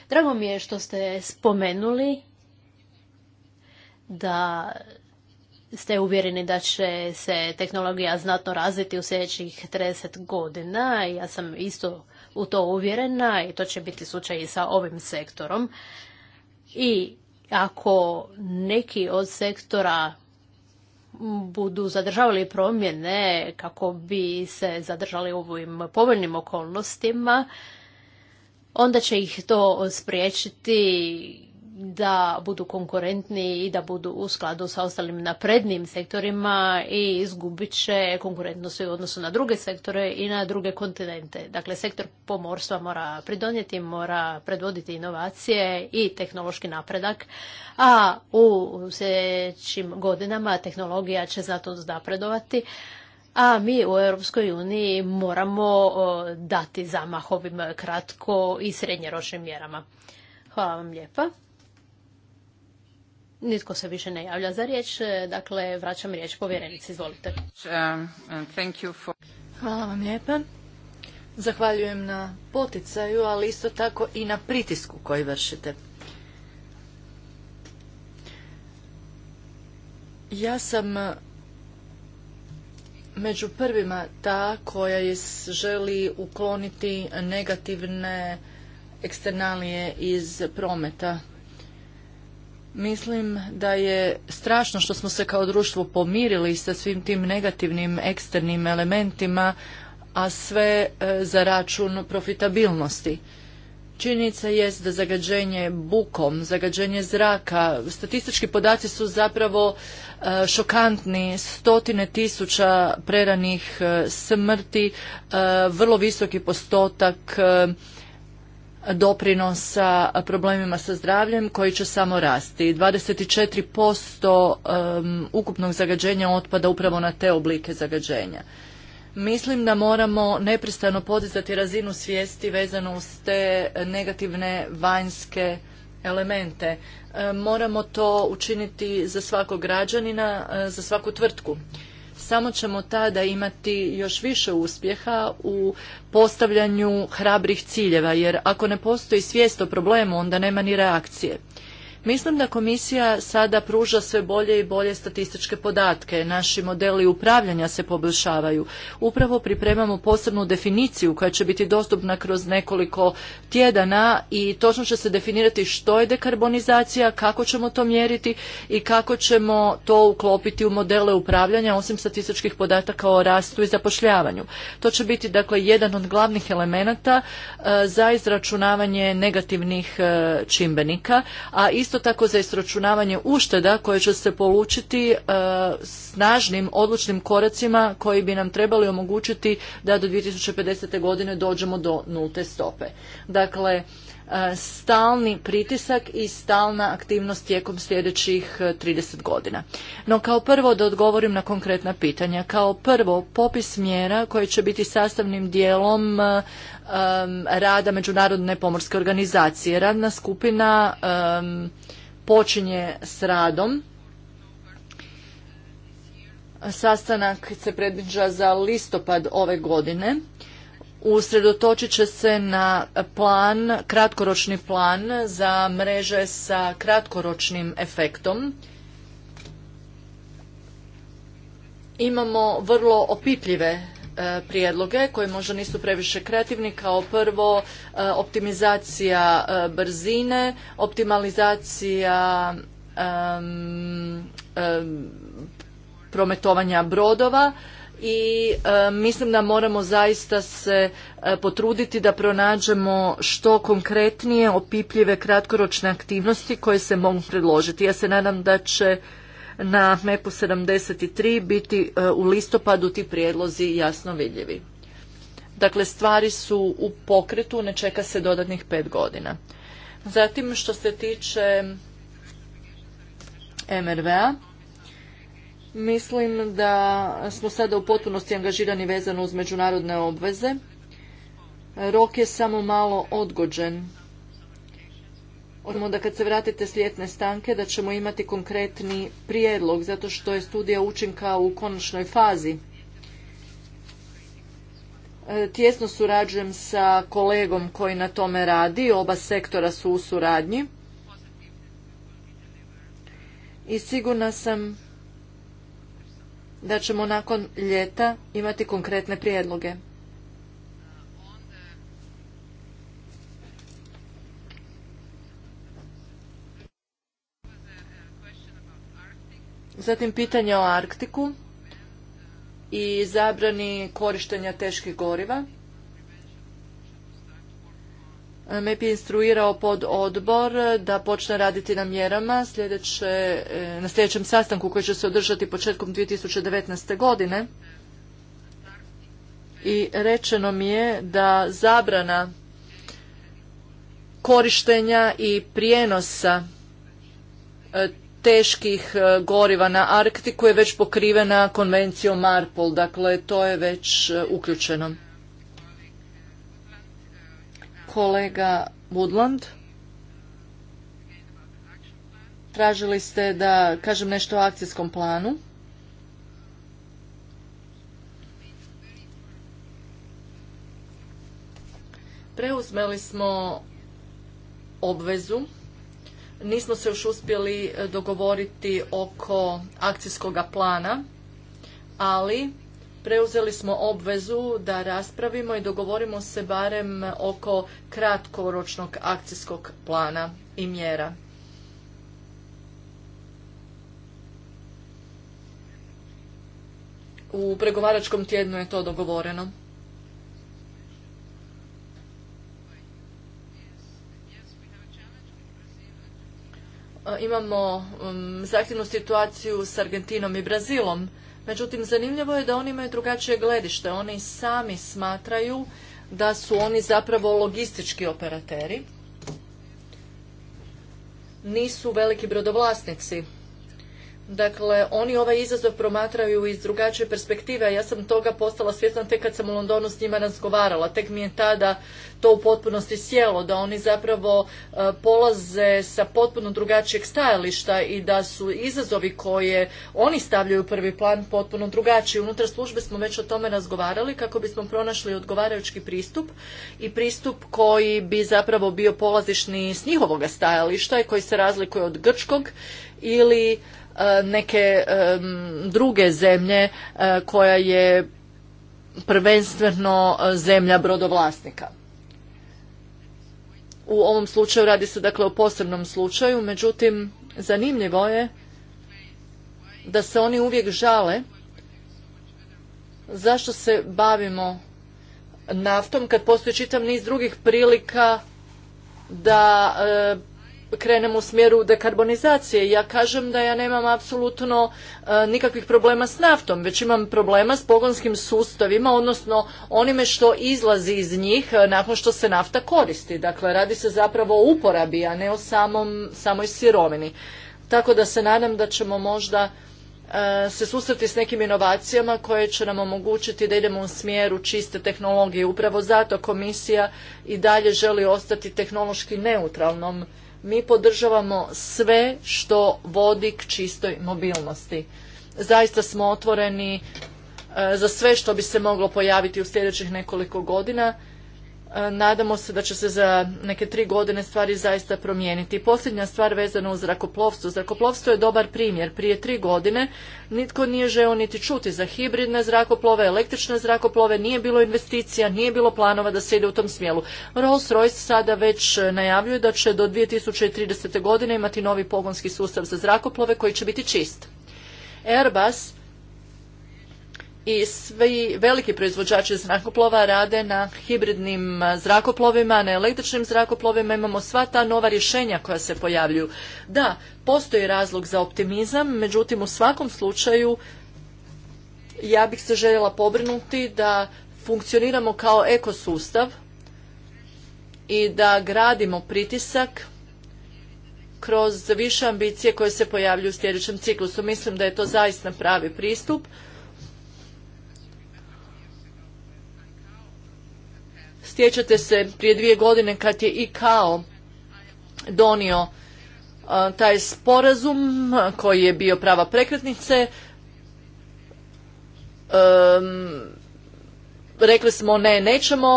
Drago mi je što ste spomenuli da ste uvjereni da će se tehnologija znatno razviti u sljedećih 30 godina. Ja sam isto u to uvjerena i to će biti slučaj i sa ovim sektorom. I ako neki od sektora budu zadržavali promjene kako bi se zadržali u ovim povoljnim okolnostima, onda će ih to spriječiti da budu konkurentni i da budu u skladu sa ostalim naprednim sektorima i izgubit će konkurentnost u odnosu na druge sektore i na druge kontinente. Dakle, sektor pomorstva mora pridonijeti, mora predvoditi inovacije i tehnološki napredak, a u sljedećim godinama tehnologija će zato napredovati a mi u Europskoj uniji moramo dati zamah ovim kratko i srednjeročnim mjerama. Hvala vam lijepa. Nitko se više ne javlja za riječ, e, dakle vraćam riječ povjerenici, izvolite. Um, Hvala vam lijepa. Zahvaljujem na poticaju, ali isto tako i na pritisku koji vršite. Ja sam e, među prvima ta koja želi ukloniti negativne eksternalije iz prometa Mislim da je strašno što smo se kao društvo pomirili sa svim tim negativnim eksternim elementima, a sve e, za račun profitabilnosti. Činjenica jest da zagađenje bukom, zagađenje zraka, statistički podaci su zapravo e, šokantni, stotine tisuća preranih e, smrti, vrlo visoki postotak doprinosa problemima sa zdravljem koji će samo rasti. 24% ukupnog zagađenja otpada upravo na te oblike zagađenja. Mislim da moramo neprestano podizati razinu svijesti vezano uz te negativne vanjske elemente. Moramo to učiniti za svakog građanina, za svaku tvrtku. Samo ćemo tada imati još više uspjeha u postavljanju hrabrih ciljeva, jer ako ne postoji svijest o problemu, onda nema ni reakcije. Mislim da komisija sada pruža sve bolje i bolje statističke podatke. Naši modeli upravljanja se poboljšavaju. Upravo pripremamo posebnu definiciju koja će biti dostupna kroz nekoliko tjedana i točno će se definirati što je dekarbonizacija, kako ćemo to mjeriti i kako ćemo to uklopiti u modele upravljanja osim statističkih podataka o rastu i zapošljavanju. To će biti dakle jedan od glavnih elemenata e, za izračunavanje negativnih e, čimbenika, a isto isto tako za istračunavanje ušteda koje će se polučiti e, snažnim odlučnim koracima koji bi nam trebali omogućiti da do 2050. godine dođemo do nulte stope. Dakle, e, stalni pritisak i stalna aktivnost tijekom sljedećih 30 e, godina. No kao prvo da odgovorim na konkretna pitanja. Kao prvo popis mjera koji će biti sastavnim dijelom Um, rada Međunarodne pomorske organizacije. Radna skupina um, počinje s radom. Sastanak se predviđa za listopad ove godine. Usredotočit će se na plan, kratkoročni plan za mreže sa kratkoročnim efektom. Imamo vrlo opipljive E, prijedloge koji možda nisu previše kreativni kao prvo e, optimizacija e, brzine, optimalizacija prometovanja brodova i mislim da moramo zaista se potruditi da pronađemo što konkretnije opipljive kratkoročne aktivnosti koje se mogu predložiti. Ja se nadam da će na MEP-u 73 biti e, u listopadu ti prijedlozi jasno vidljivi. Dakle, stvari su u pokretu, ne čeka se dodatnih pet godina. Zatim, što se tiče MRV-a, mislim da smo sada u potpunosti angažirani vezano uz međunarodne obveze. Rok je samo malo odgođen Odmo da kad se vratite s ljetne stanke da ćemo imati konkretni prijedlog zato što je studija učinka u konačnoj fazi. E, tjesno surađujem sa kolegom koji na tome radi, oba sektora su u suradnji. I sigurna sam da ćemo nakon ljeta imati konkretne prijedloge. Zatim pitanje o Arktiku i zabrani korištenja teških goriva. MEP je instruirao pod odbor da počne raditi na mjerama sljedeće, eh, na sljedećem sastanku koji će se održati početkom 2019. godine. I rečeno mi je da zabrana korištenja i prijenosa eh, teških e, goriva na Arktiku je već pokrivena konvencijom Marpol, dakle to je već e, uključeno. Kolega Woodland, tražili ste da kažem nešto o akcijskom planu. Preuzmeli smo obvezu nismo se još uspjeli e, dogovoriti oko akcijskoga plana, ali preuzeli smo obvezu da raspravimo i dogovorimo se barem oko kratkoročnog akcijskog plana i mjera. U pregovaračkom tjednu je to dogovoreno. imamo um, zahtjevnu situaciju s Argentinom i Brazilom. Međutim, zanimljivo je da oni imaju drugačije gledište. Oni sami smatraju da su oni zapravo logistički operateri. Nisu veliki brodovlasnici Dakle, oni ovaj izazov promatraju iz drugačije perspektive, a ja sam toga postala svjesna tek kad sam u Londonu s njima razgovarala. Tek mi je tada to u potpunosti sjelo, da oni zapravo e, polaze sa potpuno drugačijeg stajališta i da su izazovi koje oni stavljaju u prvi plan potpuno drugačiji. Unutra službe smo već o tome razgovarali kako bismo pronašli odgovarajući pristup i pristup koji bi zapravo bio polazišni s njihovoga stajališta i koji se razlikuje od grčkog ili E, neke e, druge zemlje e, koja je prvenstveno zemlja brodovlasnika. U ovom slučaju radi se dakle o posebnom slučaju, međutim zanimljivo je da se oni uvijek žale zašto se bavimo naftom kad postoji čitav niz drugih prilika da krenemo u smjeru dekarbonizacije. Ja kažem da ja nemam apsolutno e, nikakvih problema s naftom, već imam problema s pogonskim sustavima, odnosno onime što izlazi iz njih e, nakon što se nafta koristi. Dakle, radi se zapravo o uporabi, a ne o samom, samoj sirovini. Tako da se nadam da ćemo možda e, se susreti s nekim inovacijama koje će nam omogućiti da idemo u smjeru čiste tehnologije. Upravo zato komisija i dalje želi ostati tehnološki neutralnom mi podržavamo sve što vodi k čistoj mobilnosti. Zaista smo otvoreni e, za sve što bi se moglo pojaviti u sljedećih nekoliko godina E, nadamo se da će se za neke tri godine stvari zaista promijeniti. Posljednja stvar vezana uz zrakoplovstvo. Zrakoplovstvo je dobar primjer. Prije tri godine nitko nije žeo niti čuti za hibridne zrakoplove, električne zrakoplove, nije bilo investicija, nije bilo planova da se ide u tom smjelu. Rolls-Royce sada već e, najavljuje da će do 2030. godine imati novi pogonski sustav za zrakoplove koji će biti čist. Airbus i svi veliki proizvođači zrakoplova rade na hibridnim zrakoplovima, na električnim zrakoplovima, imamo sva ta nova rješenja koja se pojavljuju. Da, postoji razlog za optimizam, međutim u svakom slučaju ja bih se željela pobrinuti da funkcioniramo kao ekosustav i da gradimo pritisak kroz više ambicije koje se pojavljuju u sljedećem ciklusu. Mislim da je to zaista pravi pristup Sjećate se prije dvije godine kad je i kao donio e, taj sporazum koji je bio prava prekretnice. rekli smo ne, nećemo,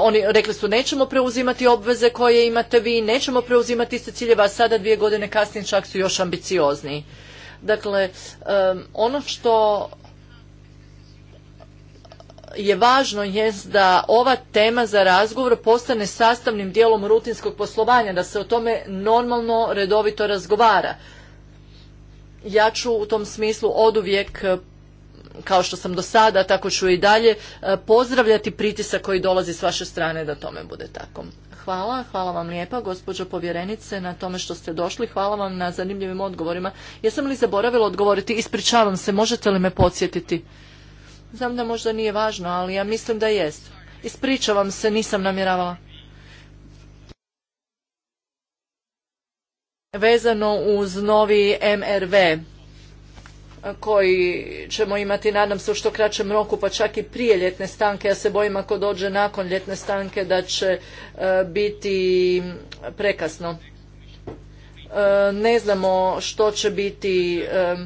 oni rekli su nećemo preuzimati obveze koje imate vi, nećemo preuzimati iste ciljeva, a sada dvije godine kasnije čak su još ambiciozniji. Dakle, ono što je važno je da ova tema za razgovor postane sastavnim dijelom rutinskog poslovanja, da se o tome normalno, redovito razgovara. Ja ću u tom smislu oduvijek kao što sam do sada, tako ću i dalje pozdravljati pritisak koji dolazi s vaše strane da tome bude tako. Hvala, hvala vam lijepa gospođo povjerenice na tome što ste došli, hvala vam na zanimljivim odgovorima. Jesam li zaboravila odgovoriti? Ispričavam se, možete li me podsjetiti? Znam da možda nije važno, ali ja mislim da jest. Ispričavam se, nisam namjeravala. Vezano uz novi MRV koji ćemo imati, nadam se, u što kraćem roku, pa čak i prije ljetne stanke. Ja se bojim ako dođe nakon ljetne stanke da će e, biti prekasno. E, ne znamo što će biti e,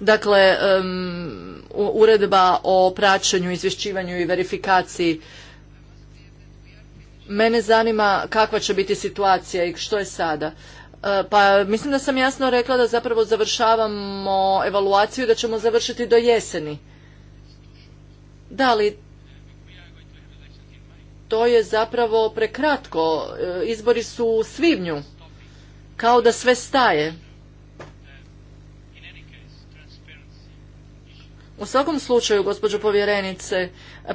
Dakle, uredba o praćenju, izvješćivanju i verifikaciji. Mene zanima kakva će biti situacija i što je sada. E, pa mislim da sam jasno rekla da zapravo završavamo evaluaciju i da ćemo završiti do jeseni. Da li to je zapravo prekratko. E, izbori su u svibnju. Kao da sve staje. U svakom slučaju, gospođo povjerenice,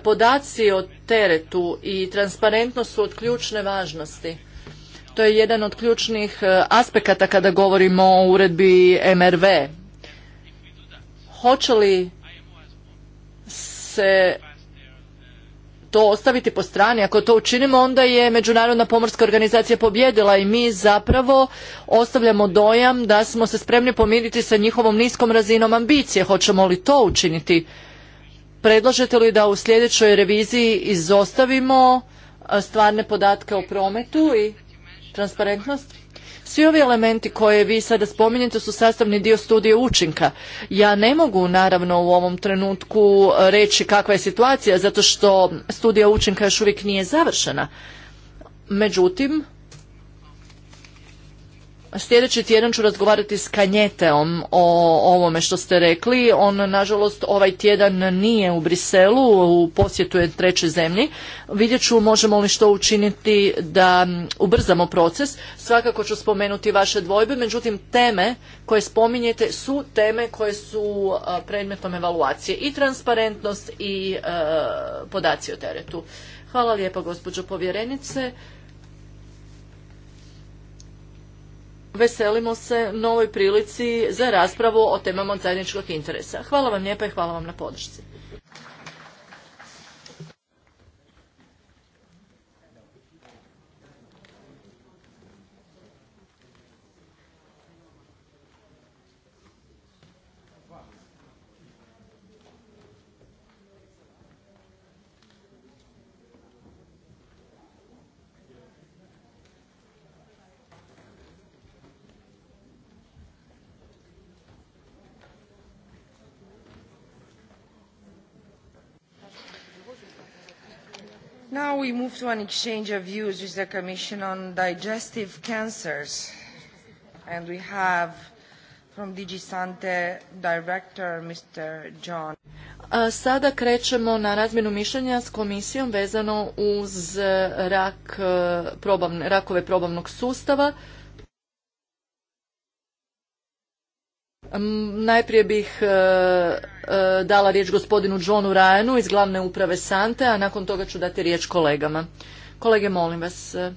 podaci o teretu i transparentnost su od ključne važnosti. To je jedan od ključnih e, aspekata kada govorimo o uredbi MRV. Hoće li se to ostaviti po strani, ako to učinimo onda je Međunarodna pomorska organizacija pobjedila i mi zapravo ostavljamo dojam da smo se spremni pomiriti sa njihovom niskom razinom ambicije. Hoćemo li to učiniti? Predlažete li da u sljedećoj reviziji izostavimo stvarne podatke o prometu i transparentnosti? Svi ovi elementi koje vi sada spominjete su sastavni dio studije učinka. Ja ne mogu naravno u ovom trenutku e, reći kakva je situacija zato što studija učinka još uvijek nije završena. Međutim, Sljedeći tjedan ću razgovarati s Kanjeteom o ovome što ste rekli. On, nažalost, ovaj tjedan nije u Briselu, u posjetu je trećoj zemlji. Vidjet ću možemo li što učiniti da ubrzamo proces. Svakako ću spomenuti vaše dvojbe, međutim teme koje spominjete su teme koje su predmetom evaluacije i transparentnost i podaci o teretu. Hvala lijepa gospođo povjerenice. veselimo se novoj prilici za raspravu o temama od zajedničkog interesa. Hvala vam lijepa i hvala vam na podršci. Now we move to an exchange of views with the Commission on Digestive Cancers. And we have from DigiSante Director Mr. John. sada krećemo na razmjenu mišljenja s komisijom vezano uz rak, e, probav, rakove probavnog sustava. Najprije bih e, E, dala riječ gospodinu Johnu Ryanu iz glavne uprave Sante, a nakon toga ću dati riječ kolegama. Kolege, molim vas. E,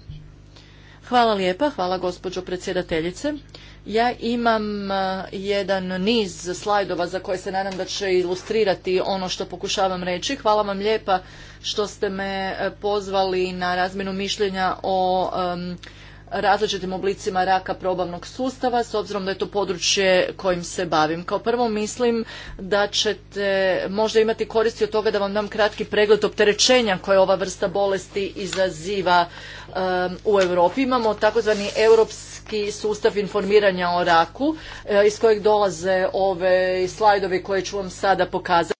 hvala lijepa, hvala gospođo predsjedateljice. Ja imam e, jedan niz slajdova za koje se nadam da će ilustrirati ono što pokušavam reći. Hvala vam lijepa što ste me pozvali na razmjenu mišljenja o različitim oblicima raka probavnog sustava s obzirom da je to područje kojim se bavim. Kao prvo mislim da ćete možda imati koristi od toga da vam dam kratki pregled opterećenja koje ova vrsta bolesti izaziva um, u Europi. Imamo takozvani europski sustav informiranja o raku uh, iz kojeg dolaze ove slajdovi koje ću vam sada pokazati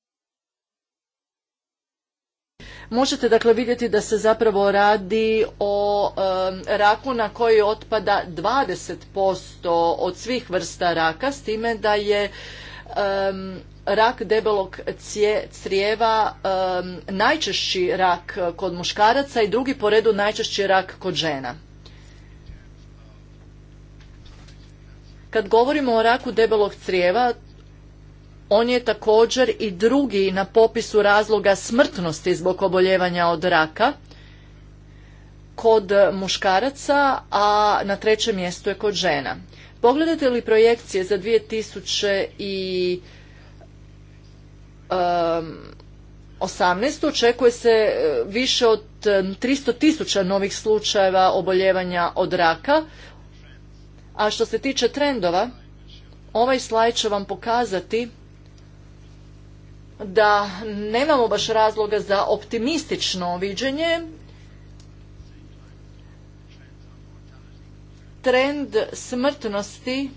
Možete dakle vidjeti da se zapravo radi o raku na koji otpada 20% od svih vrsta raka, s time da je rak debelog crijeva najčešći rak kod muškaraca i drugi po redu najčešći rak kod žena. Kad govorimo o raku debelog crijeva, on je također i drugi na popisu razloga smrtnosti zbog oboljevanja od raka kod muškaraca, a na trećem mjestu je kod žena. Pogledate li projekcije za 2000 i očekuje se e, više od 300 tisuća novih slučajeva oboljevanja od raka. A što se tiče trendova, ovaj slajd će vam pokazati da nemamo baš razloga za optimistično viđenje. Trend smrtnosti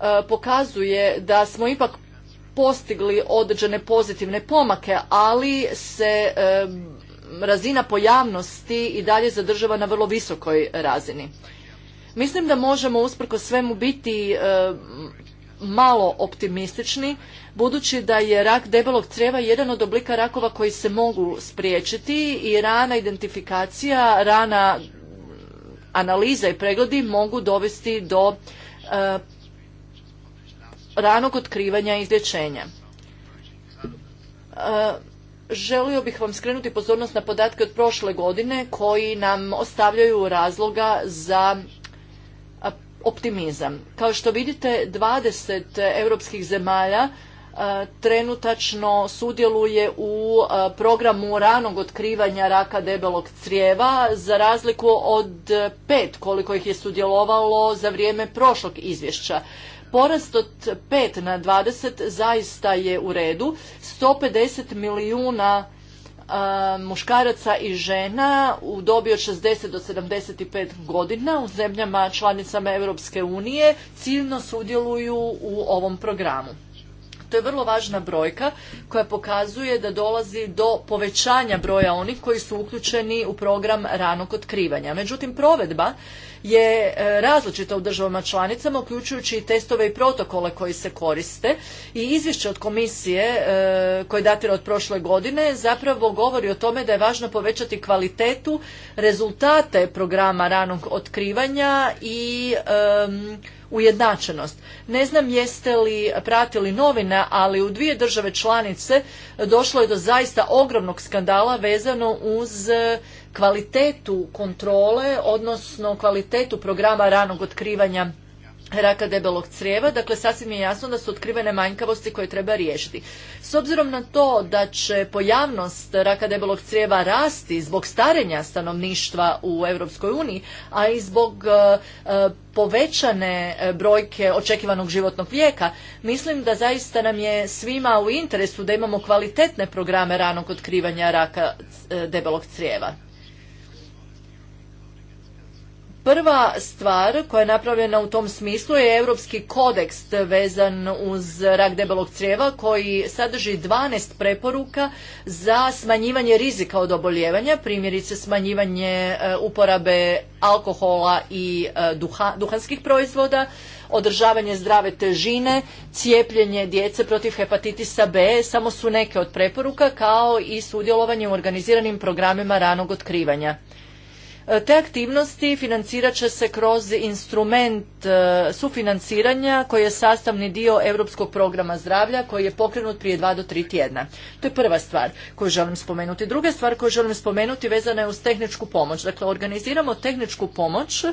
e, pokazuje da smo ipak postigli određene pozitivne pomake, ali se e, razina pojavnosti i dalje zadržava na vrlo visokoj razini. Mislim da možemo usprko svemu biti e, malo optimistični budući da je rak debelog crijeva jedan od oblika rakova koji se mogu spriječiti i rana identifikacija, rana analiza i pregledi mogu dovesti do e, ranog otkrivanja i izlječenja. E, želio bih vam skrenuti pozornost na podatke od prošle godine koji nam ostavljaju razloga za optimizam. Kao što vidite, 20 europskih zemalja e, trenutačno sudjeluje u e, programu ranog otkrivanja raka debelog crijeva za razliku od pet koliko ih je sudjelovalo za vrijeme prošlog izvješća. Porast od 5 na 20 zaista je u redu. 150 milijuna muškaraca i žena u dobi od 60 do 75 godina u zemljama članicama Europske unije ciljno sudjeluju u ovom programu. To je vrlo važna brojka koja pokazuje da dolazi do povećanja broja onih koji su uključeni u program ranog otkrivanja. Međutim, provedba je e, različita u državama članicama, uključujući i testove i protokole koji se koriste. I izvješće od komisije e, koje datira od prošle godine zapravo govori o tome da je važno povećati kvalitetu, rezultate programa ranog otkrivanja i ujednačenost. Ne znam jeste li pratili novina, ali u dvije države članice došlo je do zaista ogromnog skandala vezano uz kvalitetu kontrole, odnosno kvalitetu programa ranog otkrivanja raka debelog crijeva, dakle sasvim je jasno da su otkrivene manjkavosti koje treba riješiti. S obzirom na to da će pojavnost raka debelog crijeva rasti zbog starenja stanovništva u Europskoj uniji, a i zbog e, e, povećane e, brojke očekivanog životnog vijeka, mislim da zaista nam je svima u interesu da imamo kvalitetne programe ranog otkrivanja raka debelog crijeva. Prva stvar koja je napravljena u tom smislu je Europski kodeks vezan uz rak debelog crijeva koji sadrži 12 preporuka za smanjivanje rizika od oboljevanja, primjerice smanjivanje e, uporabe alkohola i e, duha, duhanskih proizvoda, održavanje zdrave težine, cijepljenje djece protiv hepatitisa B samo su neke od preporuka kao i sudjelovanje u organiziranim programima ranog otkrivanja. E, te aktivnosti financirat će se kroz instrument e, sufinanciranja koji je sastavni dio Europskog programa zdravlja koji je pokrenut prije dva do tri tjedna. To je prva stvar koju želim spomenuti. Druga stvar koju želim spomenuti vezana je uz tehničku pomoć. Dakle, organiziramo tehničku pomoć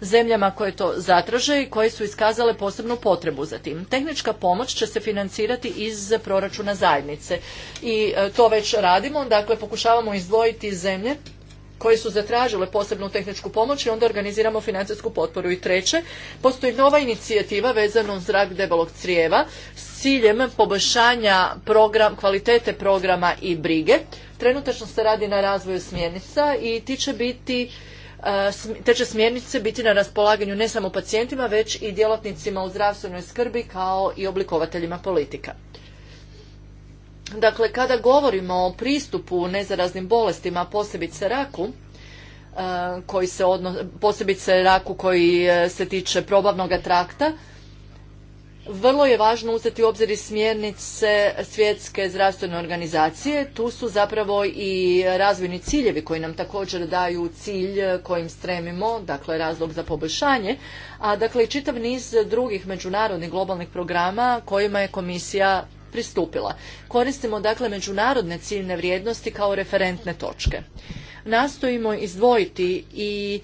zemljama koje to zatraže i koje su iskazale posebnu potrebu za tim. Tehnička pomoć će se financirati iz proračuna zajednice i e, to već radimo, dakle pokušavamo izdvojiti zemlje koje su zatražile posebnu tehničku pomoć i onda organiziramo financijsku potporu. I treće, postoji nova inicijativa vezana uz zrak debelog crijeva s ciljem poboljšanja program, kvalitete programa i brige. Trenutačno se radi na razvoju smjernica i ti biti e, te će smjernice biti na raspolaganju ne samo pacijentima, već i djelatnicima u zdravstvenoj skrbi kao i oblikovateljima politika. Dakle, kada govorimo o pristupu nezaraznim bolestima, posebice raku, e, koji se odno, posebice raku koji e, se tiče probavnog trakta, vrlo je važno uzeti u obzir smjernice svjetske zdravstvene organizacije. Tu su zapravo i razvojni ciljevi koji nam također daju cilj kojim stremimo, dakle razlog za poboljšanje, a dakle i čitav niz drugih međunarodnih globalnih programa kojima je komisija pristupila. Koristimo dakle međunarodne ciljne vrijednosti kao referentne točke. Nastojimo izdvojiti i e,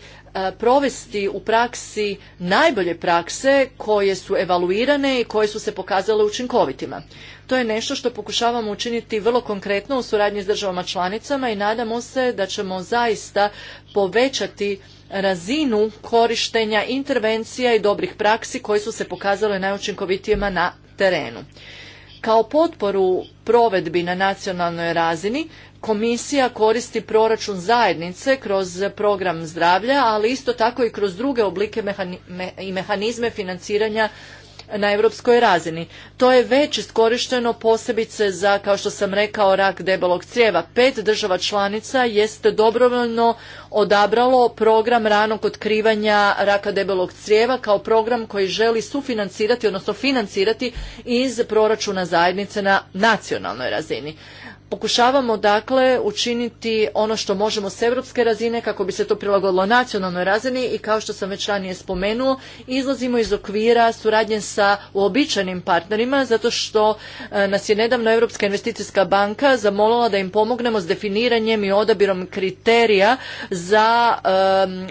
provesti u praksi najbolje prakse koje su evaluirane i koje su se pokazale učinkovitima. To je nešto što pokušavamo učiniti vrlo konkretno u suradnji s državama članicama i nadamo se da ćemo zaista povećati razinu korištenja intervencija i dobrih praksi koje su se pokazale najučinkovitijima na terenu. Kao potporu provedbi na nacionalnoj razini komisija koristi proračun zajednice kroz program zdravlja, ali isto tako i kroz druge oblike i mehanizme financiranja na europskoj razini. To je već iskorišteno posebice za, kao što sam rekao, rak debelog crijeva. Pet država članica jeste dobrovoljno odabralo program ranog otkrivanja raka debelog crijeva kao program koji želi sufinancirati, odnosno financirati iz proračuna zajednice na nacionalnoj razini. Pokušavamo dakle učiniti ono što možemo s europske razine kako bi se to prilagodilo nacionalnoj razini i kao što sam već ranije spomenuo izlazimo iz okvira suradnje sa uobičajenim partnerima zato što e, nas je nedavno Europska investicijska banka zamolila da im pomognemo s definiranjem i odabirom kriterija za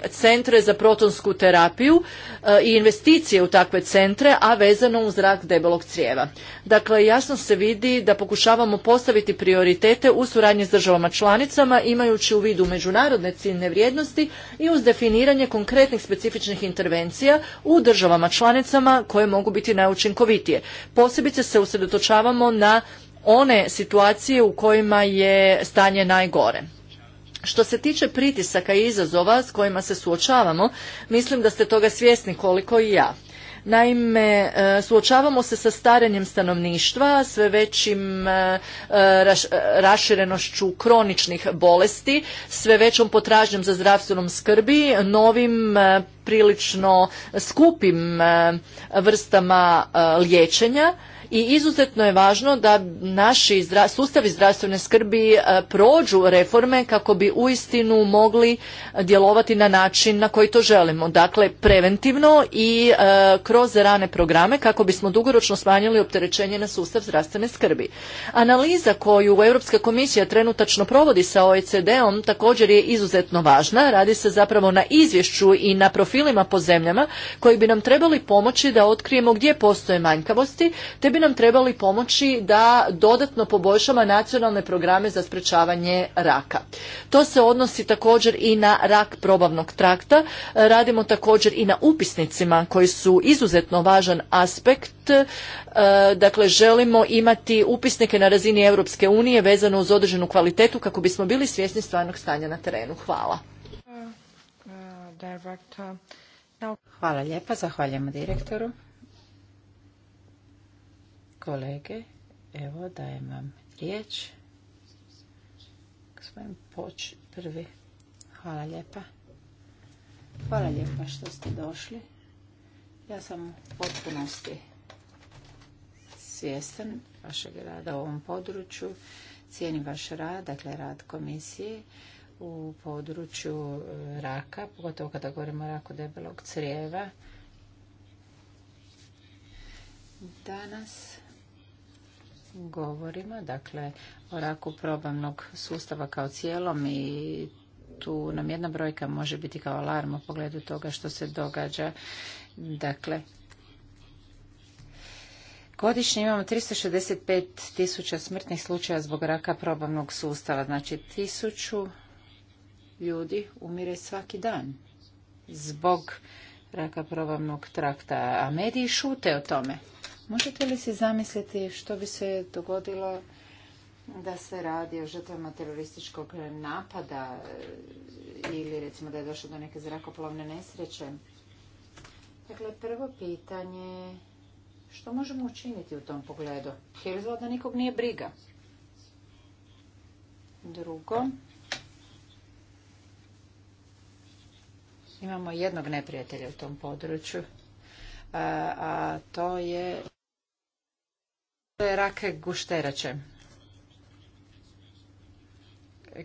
centre za protonsku terapiju e, i investicije u takve centre, a vezano uz rak debelog crijeva. Dakle, jasno se vidi da pokušavamo postaviti prioritet prioritete u suradnji s državama članicama imajući u vidu međunarodne ciljne vrijednosti i uz definiranje konkretnih specifičnih intervencija u državama članicama koje mogu biti najučinkovitije. Posebice se usredotočavamo na one situacije u kojima je stanje najgore. Što se tiče pritisaka i izazova s kojima se suočavamo, mislim da ste toga svjesni koliko i ja. Naime, e, suočavamo se sa starenjem stanovništva, sve većim e, e, raširenošću kroničnih bolesti, sve većom potražnjom za zdravstvenom skrbi, novim prilično skupim vrstama liječenja i izuzetno je važno da naši sustavi zdravstvene skrbi e, prođu reforme kako bi uistinu mogli e, djelovati na način na koji to želimo. Dakle, preventivno i e, kroz rane programe kako bismo dugoročno smanjili opterećenje na sustav zdravstvene skrbi. Analiza koju Europska komisija trenutačno provodi sa OECD-om također je izuzetno važna. Radi se zapravo na izvješću i na profilima po zemljama koji bi nam trebali pomoći da otkrijemo gdje postoje manjkavosti te bi nam trebali pomoći da dodatno poboljšamo nacionalne programe za sprečavanje raka. To se odnosi također i na rak probavnog trakta. E, radimo također i na upisnicima koji su izuzetno važan aspekt. E, dakle, želimo imati upisnike na razini Europske unije vezano uz određenu kvalitetu kako bismo bili svjesni stvarnog stanja na terenu. Hvala. Uh, uh, Hvala lijepa, zahvaljujemo direktoru. Kolege, evo dajem vam riječ. Gospodin Poč, prvi. Hvala lijepa. Hvala lijepa što ste došli. Ja sam u potpunosti svjestan vašeg rada u ovom području. Cijenim vaš rad, dakle rad komisije u području e, raka, pogotovo kada govorimo o raku debelog crijeva. Danas govorimo, dakle o raku probavnog sustava kao cijelom i tu nam jedna brojka može biti kao alarm u pogledu toga što se događa. Dakle, Godišnje imamo 365 tisuća smrtnih slučaja zbog raka probavnog sustava. Znači, tisuću ljudi umire svaki dan zbog raka probavnog trakta, a mediji šute o tome. Možete li si zamisliti što bi se dogodilo da se radi o žrtvama terorističkog napada ili recimo da je došlo do neke zrakoplovne nesreće? Dakle, prvo pitanje, što možemo učiniti u tom pogledu? Jer da nikog nije briga. Drugo, imamo jednog neprijatelja u tom području, a to je Rake gušterače.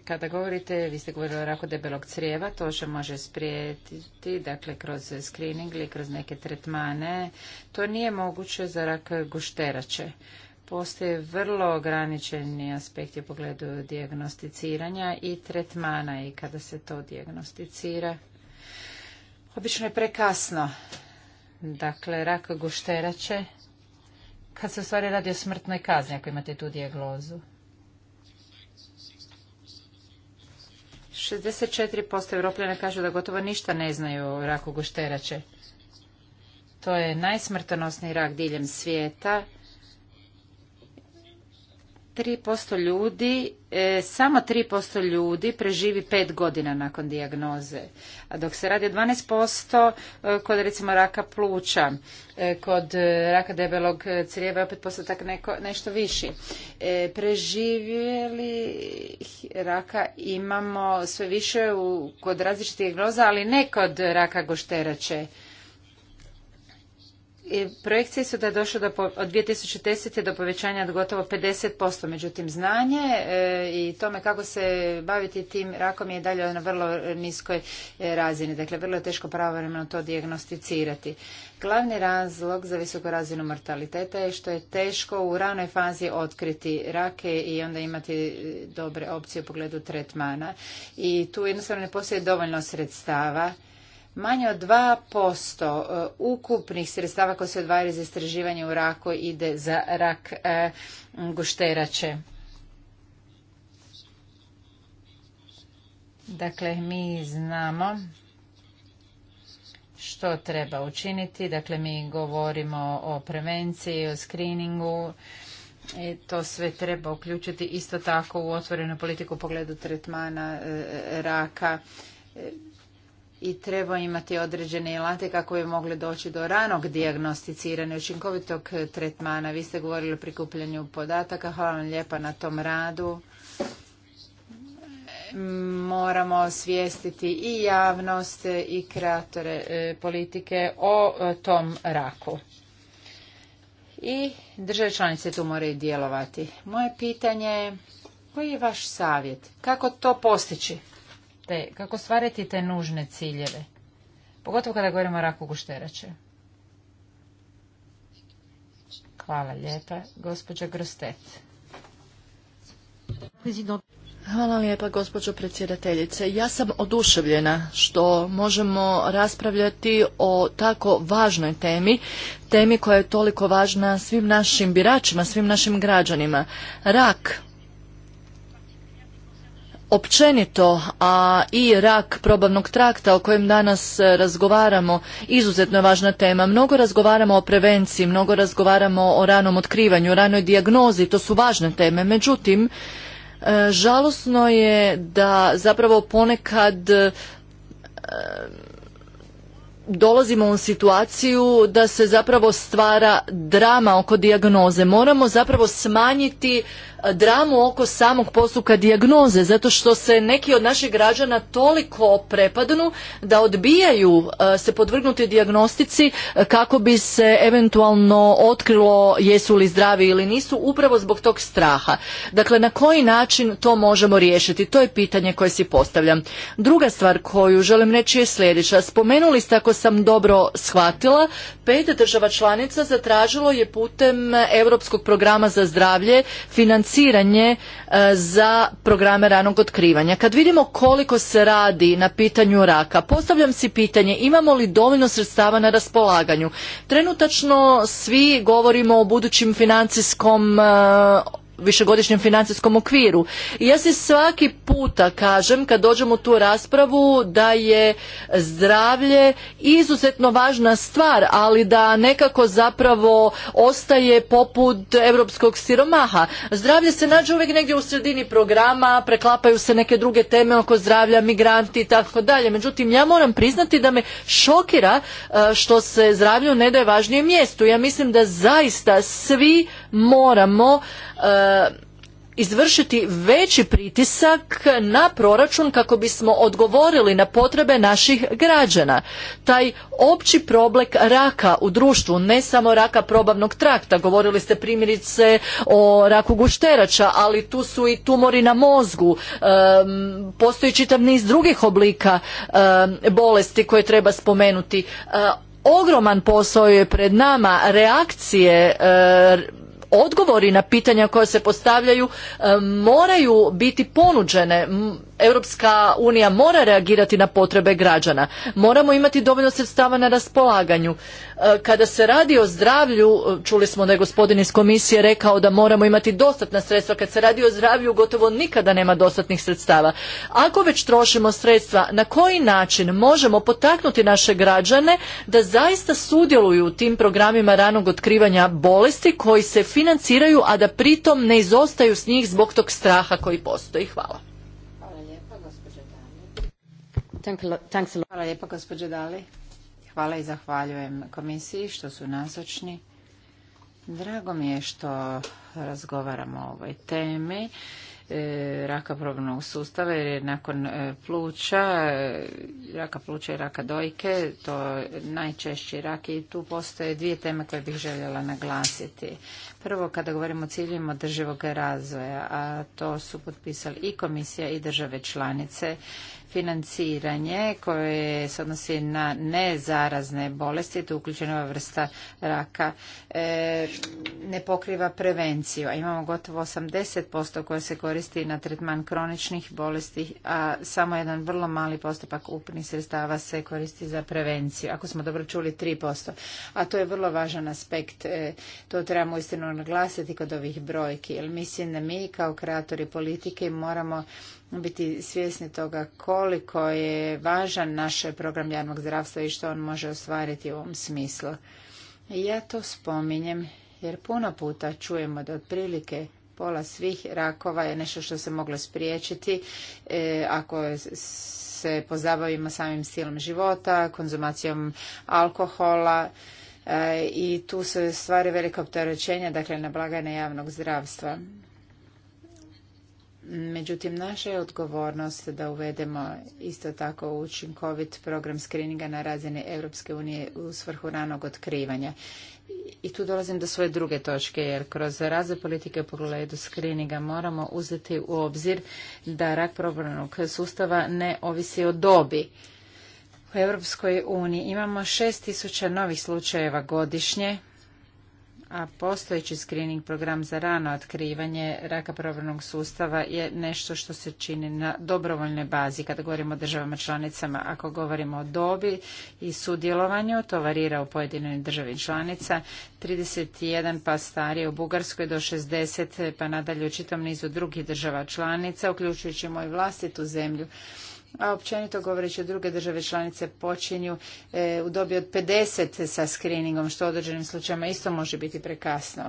Kada govorite, vi ste govorili o raku debelog crijeva, to se može sprijetiti, dakle, kroz screening ili kroz neke tretmane. To nije moguće za rak gušterače. Postoje vrlo ograničeni aspekti u pogledu dijagnosticiranja i tretmana i kada se to dijagnosticira. Obično je prekasno. Dakle, rak gušterače kad se u stvari radi o smrtnoj kazni, ako imate tu dijagnozu. 64% Europljana kažu da gotovo ništa ne znaju o raku gušterače. To je najsmrtonosniji rak diljem svijeta 3% ljudi, e, samo samo 3% ljudi preživi 5 godina nakon dijagnoze, a dok se radi o 12% e, kod recimo raka pluća, e, kod raka debelog crijeva je opet postotak neko, nešto viši. preživjeli raka imamo sve više kod različitih dijagnoza, ali ne kod raka gošterače projekcije su da je došlo do, od 2010. do povećanja od gotovo 50%, međutim znanje e, i tome kako se baviti tim rakom je dalje na vrlo niskoj e, razini, dakle vrlo je teško pravovremeno to dijagnosticirati. Glavni razlog za visoku razinu mortaliteta je što je teško u ranoj fazi otkriti rake i onda imati e, dobre opcije u pogledu tretmana i tu jednostavno ne postoji dovoljno sredstava Manje od 2% e, ukupnih sredstava koje se odvajaju za istraživanje u raku ide za rak e, gušterače. Dakle, mi znamo što treba učiniti. Dakle, mi govorimo o prevenciji, o screeningu. I to sve treba uključiti isto tako u otvorenu politiku u pogledu tretmana e, raka i treba imati određene alate kako bi mogli doći do ranog dijagnosticiranja učinkovitog tretmana. Vi ste govorili o prikupljanju podataka. Hvala vam lijepa na tom radu. Moramo osvijestiti i javnost i kreatore e, politike o e, tom raku. I države članice tu moraju djelovati. Moje pitanje je koji je vaš savjet? Kako to postići? te, kako stvariti te nužne ciljeve, pogotovo kada govorimo o raku gušterače. Hvala lijepa. Gospođa Grostet. Hvala lijepa gospođo predsjedateljice. Ja sam oduševljena što možemo raspravljati o tako važnoj temi, temi koja je toliko važna svim našim biračima, svim našim građanima. Rak općenito, a i rak probavnog trakta o kojem danas e, razgovaramo, izuzetno je važna tema. Mnogo razgovaramo o prevenciji, mnogo razgovaramo o ranom otkrivanju, ranoj dijagnozi, to su važne teme. Međutim, e, žalosno je da zapravo ponekad e, dolazimo u situaciju da se zapravo stvara drama oko dijagnoze. Moramo zapravo smanjiti dramu oko samog postupka dijagnoze, zato što se neki od naših građana toliko prepadnu da odbijaju e, se podvrgnuti dijagnostici e, kako bi se eventualno otkrilo jesu li zdravi ili nisu, upravo zbog tog straha. Dakle, na koji način to možemo riješiti? To je pitanje koje si postavljam. Druga stvar koju želim reći je sljedeća. Spomenuli ste, ako sam dobro shvatila, pet država članica zatražilo je putem Europskog programa za zdravlje financiranje financiranje e, za programe ranog otkrivanja. Kad vidimo koliko se radi na pitanju raka, postavljam si pitanje imamo li dovoljno sredstava na raspolaganju. Trenutačno svi govorimo o budućim financijskom e, višegodišnjem financijskom okviru. I ja se svaki puta kažem kad dođem u tu raspravu da je zdravlje izuzetno važna stvar, ali da nekako zapravo ostaje poput europskog siromaha. Zdravlje se nađe uvijek negdje u sredini programa, preklapaju se neke druge teme oko zdravlja, migranti i tako dalje. Međutim, ja moram priznati da me šokira e, što se zdravlju ne daje važnije mjestu. Ja mislim da zaista svi moramo e, izvršiti veći pritisak na proračun kako bismo odgovorili na potrebe naših građana. Taj opći problem raka u društvu, ne samo raka probavnog trakta, govorili ste primjerice o raku gušterača, ali tu su i tumori na mozgu, postoji čitav niz drugih oblika bolesti koje treba spomenuti. ogroman posao je pred nama reakcije odgovori na pitanja koja se postavljaju e, moraju biti ponuđene. Europska unija mora reagirati na potrebe građana. Moramo imati dovoljno sredstava na raspolaganju. E, kada se radi o zdravlju, e, čuli smo da je gospodin iz komisije rekao da moramo imati dostatna sredstva. Kad se radi o zdravlju, gotovo nikada nema dostatnih sredstava. Ako već trošimo sredstva, na koji način možemo potaknuti naše građane da zaista sudjeluju u tim programima ranog otkrivanja bolesti koji se financiraju, a da pritom ne izostaju s njih zbog tog straha koji postoji? Hvala. Hvala Hvala lijepa, Dali. Hvala i zahvaljujem komisiji što su nazočni. Drago mi je što razgovaramo o ovoj temi e, raka probnog sustava jer nakon e, pluća, e, raka pluća i raka dojke, to najčešći rak i tu postoje dvije teme koje bih željela naglasiti. Prvo, kada govorimo o ciljima održivog razvoja, a to su potpisali i komisija i države članice, financiranje koje se odnosi na nezarazne bolesti, tu uključena ova vrsta raka, e, ne pokriva prevenciju. imamo gotovo 80% koje se koristi na tretman kroničnih bolesti, a samo jedan vrlo mali postupak upnih sredstava se koristi za prevenciju. Ako smo dobro čuli, 3%. A to je vrlo važan aspekt. E, to trebamo istinu naglasiti kod ovih brojki. Jer mislim da mi kao kreatori politike moramo biti svjesni toga koliko je važan naš program javnog zdravstva i što on može ostvariti u ovom smislu. Ja to spominjem jer puno puta čujemo da otprilike pola svih rakova je nešto što se moglo spriječiti e, ako se pozabavimo samim stilom života, konzumacijom alkohola e, i tu se stvari velika opterećenja dakle, na blagajne javnog zdravstva. Međutim, naša je odgovornost da uvedemo isto tako učinkovit program screeninga na razini Europske unije u svrhu ranog otkrivanja. I tu dolazim do svoje druge točke, jer kroz razvoj politike u pogledu skrininga moramo uzeti u obzir da rak probranog sustava ne ovisi o dobi. U Europskoj uniji imamo 6000 novih slučajeva godišnje, a postojeći screening program za rano otkrivanje raka probranog sustava je nešto što se čini na dobrovoljnoj bazi kada govorimo o državama članicama. Ako govorimo o dobi i sudjelovanju, to varira u pojedinoj državi članica. 31 pa starije u Bugarskoj do 60 pa nadalje u čitom nizu drugih država članica, uključujući moju vlastitu zemlju a općenito govoreći druge države članice počinju e, u dobi od 50 sa screeningom, što u određenim slučajima isto može biti prekasno.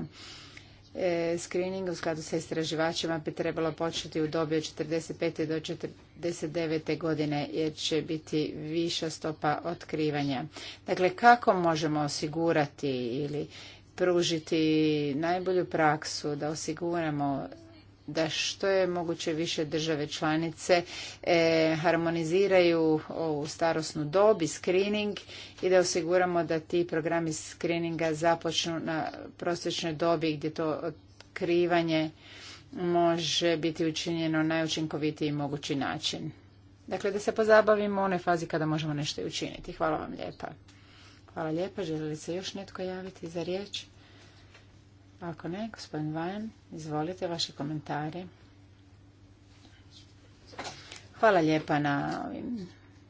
E, screening u skladu sa istraživačima bi trebalo početi u dobi od 45. do 49. godine jer će biti viša stopa otkrivanja. Dakle, kako možemo osigurati ili pružiti najbolju praksu da osiguramo da što je moguće više države članice e, harmoniziraju ovu starosnu dobi i screening i da osiguramo da ti programi screeninga započnu na prosječnoj dobi gdje to otkrivanje može biti učinjeno najučinkovitiji mogući način. Dakle, da se pozabavimo u onoj fazi kada možemo nešto i učiniti. Hvala vam lijepa. Hvala lijepa. Želi li se još netko javiti za riječ? Ako ne, gospodin Vajan, izvolite vaši komentari. Hvala lijepa na ovim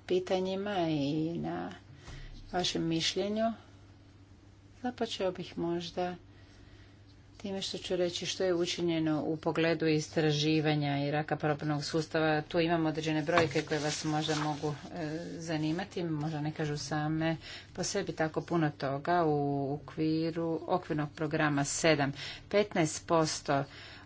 pitanjima i na vašem mišljenju. Započeo bih možda Ime što ću reći što je učinjeno u pogledu istraživanja i raka probnog sustava. Tu imam određene brojke koje vas možda mogu e, zanimati, možda ne kažu same po sebi tako puno toga u okviru okvirnog programa 7. 15%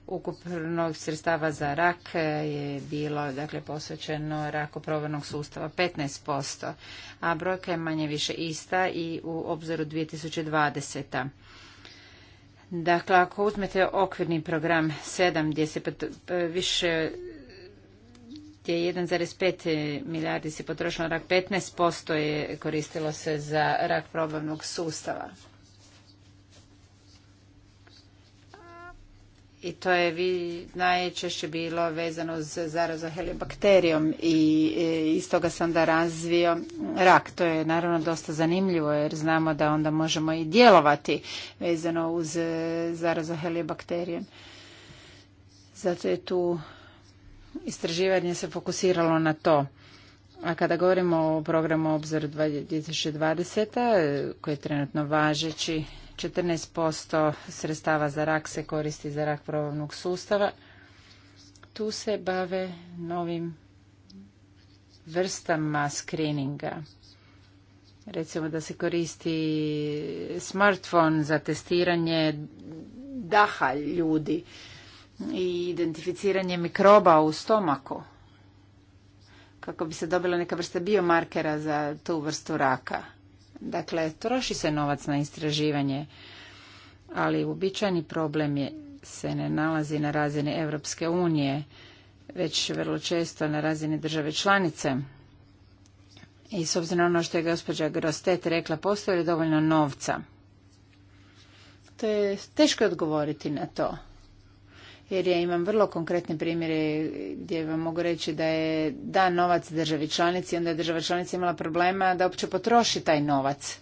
ukupnog sredstava za rak je bilo dakle, posvećeno raku provodnog sustava 15%, a brojka je manje više ista i u obzoru 2020. Dakle, ako uzmete okvirni program 7 gdje se e, više gdje 1,5 milijardi se potrošilo na rak, 15% je koristilo se za rak probavnog sustava. i to je vi najčešće bilo vezano za zarazu helibakterijom i e, iz toga sam da razvio rak. To je naravno dosta zanimljivo jer znamo da onda možemo i djelovati vezano uz e, zarazu helibakterijom. Zato je tu istraživanje se fokusiralo na to. A kada govorimo o programu Obzor 2020. E, koji je trenutno važeći 14% sredstava za rak se koristi za rak probavnog sustava. Tu se bave novim vrstama screeninga. Recimo da se koristi smartphone za testiranje daha ljudi i identificiranje mikroba u stomaku kako bi se dobila neka vrsta biomarkera za tu vrstu raka. Dakle, troši se novac na istraživanje, ali uobičajeni problem je, se ne nalazi na razini Europske unije, već vrlo često na razini države članice. I s obzirom na ono što je gospođa Grostet rekla, postoji li dovoljno novca? To je teško odgovoriti na to jer ja imam vrlo konkretne primjere gdje vam mogu reći da je da novac državi članici, onda je država članica imala problema da uopće potroši taj novac.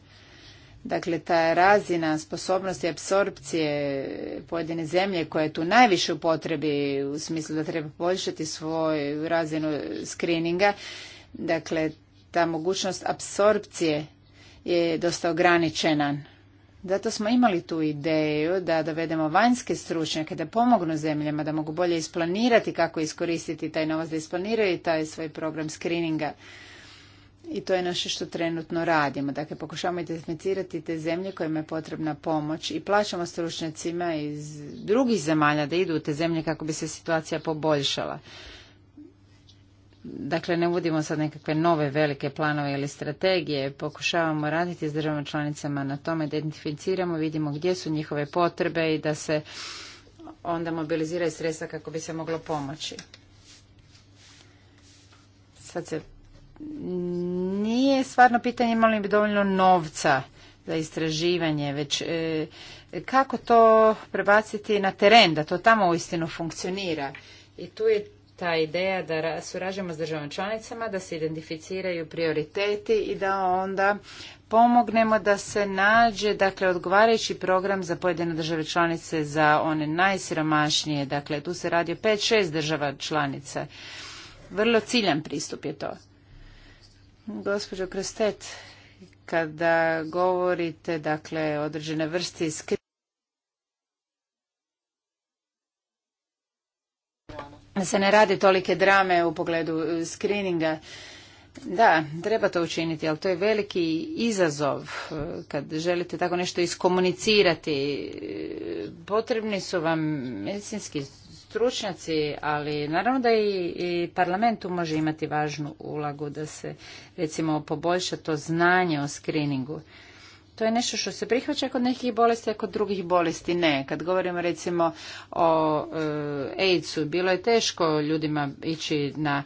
Dakle, ta razina sposobnosti apsorpcije pojedine zemlje koja je tu najviše u potrebi u smislu da treba poboljšati svoju razinu skrininga, dakle, ta mogućnost apsorpcije je dosta ograničena zato smo imali tu ideju da dovedemo vanjske stručnjake da pomognu zemljama da mogu bolje isplanirati kako iskoristiti taj novac, da isplaniraju taj svoj program screeninga. I to je naše što trenutno radimo. Dakle, pokušavamo identificirati te zemlje kojima je potrebna pomoć i plaćamo stručnjacima iz drugih zemalja da idu u te zemlje kako bi se situacija poboljšala. Dakle, ne uvodimo sad nekakve nove velike planove ili strategije, pokušavamo raditi s državama članicama na tome da identificiramo, vidimo gdje su njihove potrebe i da se onda mobiliziraju sredstva kako bi se moglo pomoći. Sad se nije stvarno pitanje imali bi dovoljno novca za istraživanje, već e, kako to prebaciti na teren, da to tamo uistinu funkcionira. I tu je ta ideja da surađujemo s državama članicama, da se identificiraju prioriteti i da onda pomognemo da se nađe dakle odgovarajući program za pojedine države članice za one najsiromašnije. Dakle, tu se radi o 5-6 država članica. Vrlo ciljan pristup je to. Gospođo Krestet, kada govorite dakle određene vrste iskri se ne radi tolike drame u pogledu e, skrininga. Da, treba to učiniti, ali to je veliki izazov e, kad želite tako nešto iskomunicirati. E, potrebni su vam medicinski stručnjaci, ali naravno da i, i parlament tu može imati važnu ulagu da se recimo poboljša to znanje o skriningu. To je nešto što se prihvaća kod nekih bolesti, a kod drugih bolesti ne. Kad govorimo recimo o e, aids bilo je teško ljudima ići na,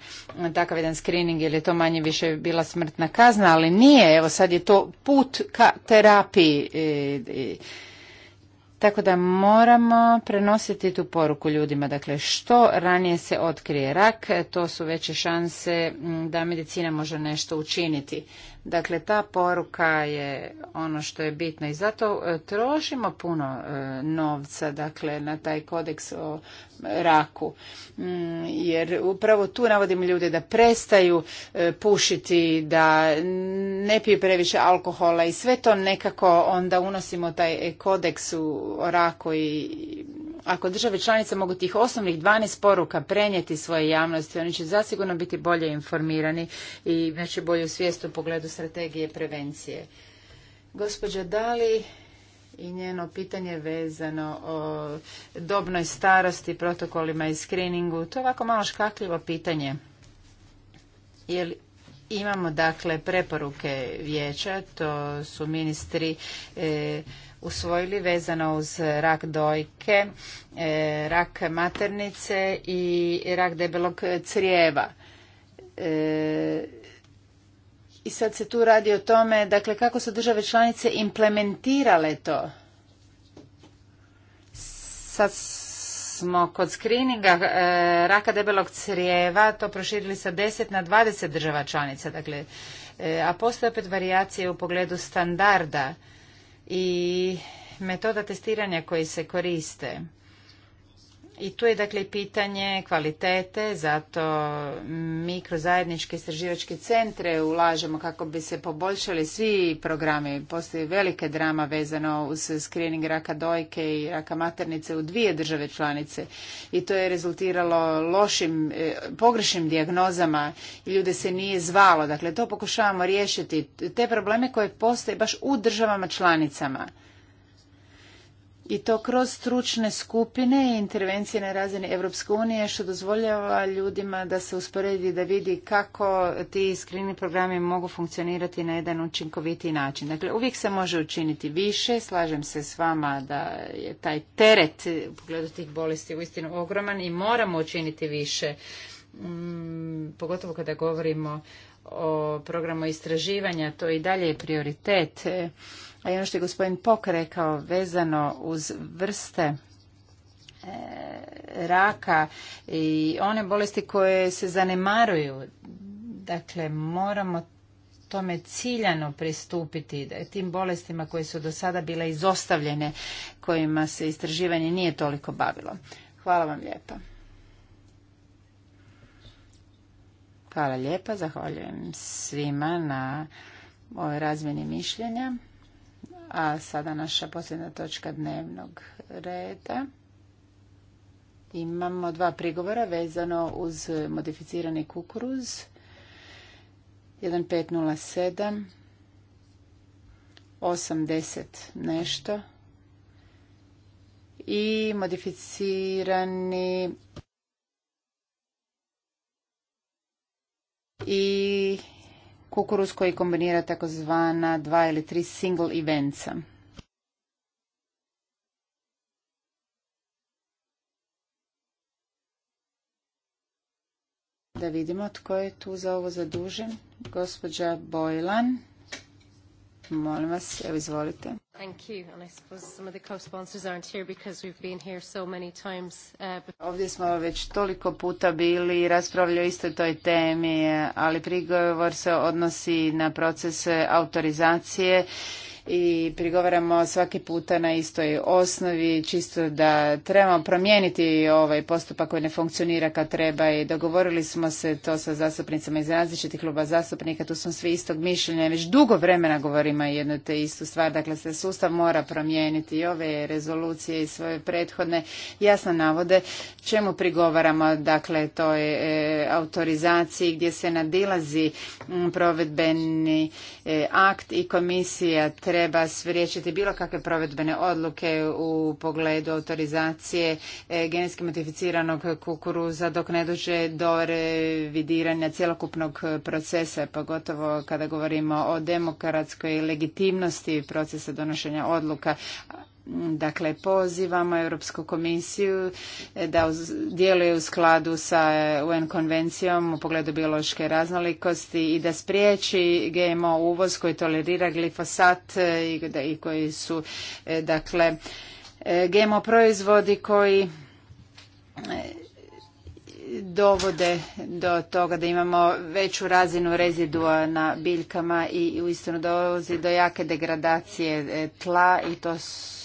takav jedan screening jer je to manje više bila smrtna kazna, ali nije. Evo sad je to put ka terapiji. E, e. tako da moramo prenositi tu poruku ljudima. Dakle, što ranije se otkrije rak, to su veće šanse da medicina može nešto učiniti. Dakle, ta poruka je ono što je bitno i zato e, trošimo puno e, novca dakle, na taj kodeks o raku. Mm, jer upravo tu navodim ljude da prestaju e, pušiti, da ne piju previše alkohola i sve to nekako onda unosimo taj kodeks o raku i ako države članice mogu tih osnovnih 12 poruka prenijeti svoje javnosti, oni će zasigurno biti bolje informirani i imaće bolju svijest u pogledu strategije prevencije. Gospođa Dali i njeno pitanje vezano o dobnoj starosti, protokolima i skriningu, to je ovako malo škakljivo pitanje. Jer imamo dakle preporuke vijeća, to su ministri eh, usvojili vezano uz rak dojke, e, rak maternice i rak debelog crijeva. E, I sad se tu radi o tome, dakle, kako su države članice implementirale to. Sad smo kod screeninga e, raka debelog crijeva to proširili sa 10 na 20 država članica, dakle, a postoje opet varijacije u pogledu standarda i metoda testiranja koji se koriste i tu je dakle pitanje kvalitete, zato mi kroz zajedničke istraživačke centre ulažemo kako bi se poboljšali svi programi. Postoji velike drama vezano uz screening raka dojke i raka maternice u dvije države članice i to je rezultiralo lošim, e, pogrešnim dijagnozama i ljude se nije zvalo. Dakle, to pokušavamo riješiti. Te probleme koje postoje baš u državama članicama i to kroz stručne skupine i intervencije na razini Europske unije što dozvoljava ljudima da se usporedi da vidi kako ti screening programi mogu funkcionirati na jedan učinkovitiji način. Dakle, uvijek se može učiniti više, slažem se s vama da je taj teret u pogledu tih bolesti uistinu ogroman i moramo učiniti više, mm, pogotovo kada govorimo o programu istraživanja, to i dalje je prioritet a i ono što je gospodin Pok rekao vezano uz vrste e, raka i one bolesti koje se zanemaruju. Dakle, moramo tome ciljano pristupiti tim bolestima koje su do sada bile izostavljene, kojima se istraživanje nije toliko bavilo. Hvala vam lijepa. Hvala lijepa, zahvaljujem svima na ovoj razmjeni mišljenja. A sada naša posljedna točka dnevnog reda. Imamo dva prigovora vezano uz modificirani kukuruz. 1507 80 nešto i modificirani i kukuruz koji kombinira takozvana dva ili tri single eventsa. Da vidimo tko je tu za ovo zadužen. Gospođa Bojlan. Molim vas, evo izvolite. Thank you. And I suppose some of the co-sponsors aren't here because we've been here so many times. Uh, but... Ovdje smo već toliko puta bili i raspravljali isto toj temi, ali prigovor se odnosi na proces autorizacije i prigovaramo svaki puta na istoj osnovi, čisto da trebamo promijeniti ovaj postupak koji ne funkcionira kad treba i dogovorili smo se to sa zastupnicama iz različitih kluba zastupnika, tu smo svi istog mišljenja, već dugo vremena govorimo jednu te istu stvar, dakle se sustav mora promijeniti i ove rezolucije i svoje prethodne jasno navode čemu prigovaramo, dakle toj e, autorizaciji gdje se nadilazi provedbeni e, akt i komisija te treba spriječiti bilo kakve provedbene odluke u pogledu autorizacije e, genetski modificiranog kukuruza dok ne dođe do revidiranja cjelokupnog procesa, pogotovo kada govorimo o demokratskoj legitimnosti procesa donošenja odluka Dakle, pozivamo Europsku komisiju eh, da djeluje u skladu sa eh, UN konvencijom u pogledu biološke raznolikosti i da spriječi GMO uvoz koji tolerira glifosat eh, i koji su, dakle, GMO proizvodi koji dovode do toga da imamo veću razinu rezidua na biljkama i u uistinu dolazi do jake degradacije tla i to su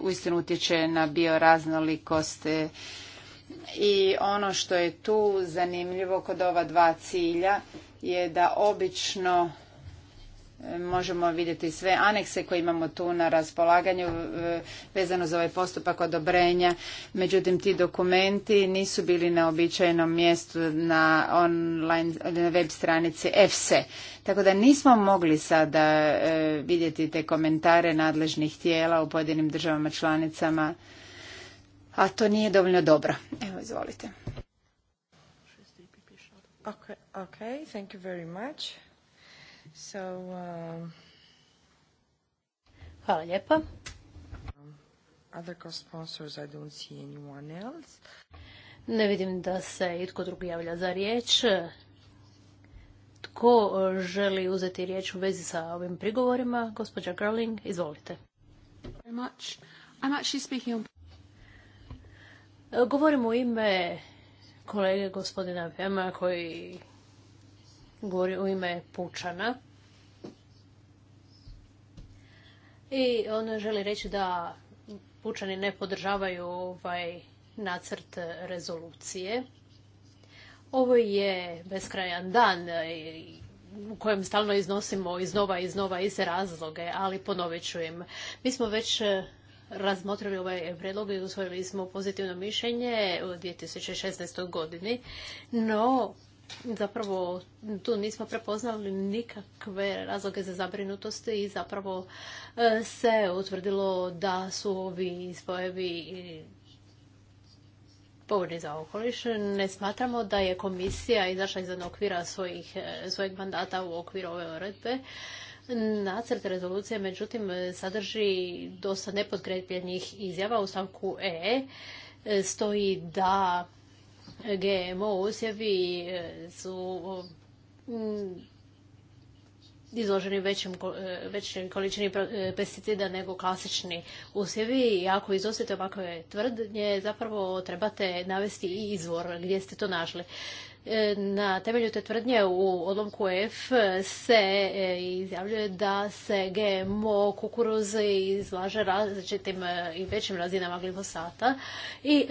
uistinu utječe na bioraznolikost i ono što je tu zanimljivo kod ova dva cilja je da obično možemo vidjeti sve anekse koje imamo tu na raspolaganju e, vezano za ovaj postupak odobrenja. Međutim, ti dokumenti nisu bili na običajnom mjestu na online na web stranici EFSE. Tako da nismo mogli sada e, vidjeti te komentare nadležnih tijela u pojedinim državama članicama, a to nije dovoljno dobro. Evo, izvolite. Okay, okay, thank you very much. So, uh, Hvala lijepa. Um, other co-sponsors, Ne vidim da se itko drugi javlja za riječ. Tko uh, želi uzeti riječ u vezi sa ovim prigovorima? Gospođa Gerling, izvolite. Uh, govorim u ime kolege gospodina Vema koji govori u ime Pučana. I on želi reći da pučani ne podržavaju ovaj nacrt rezolucije. Ovo je beskrajan dan u kojem stalno iznosimo iznova i iznova iste razloge, ali ponovit ću im. Mi smo već eh, razmotrili ovaj predlog i usvojili smo pozitivno mišljenje u 2016. godini, no zapravo tu nismo prepoznali nikakve razloge za zabrinutost i zapravo e, se utvrdilo da su ovi spojevi povoljni za okoliš. Ne smatramo da je komisija izašla izvan okvira svojih, e, svojeg mandata u okviru ove uredbe. Nacrt rezolucije, međutim, sadrži dosta nepodkrepljenih izjava u stavku E. e stoji da GMO usjevi e, su izloženi većim, e, količini e, pesticida nego klasični usjevi i ako izostite ovakve tvrdnje zapravo trebate navesti i izvor gdje ste to našli. Na temelju te tvrdnje u odlomku F se izjavljuje da se GMO kukuruz izlaže različitim i većim razinama glifosata i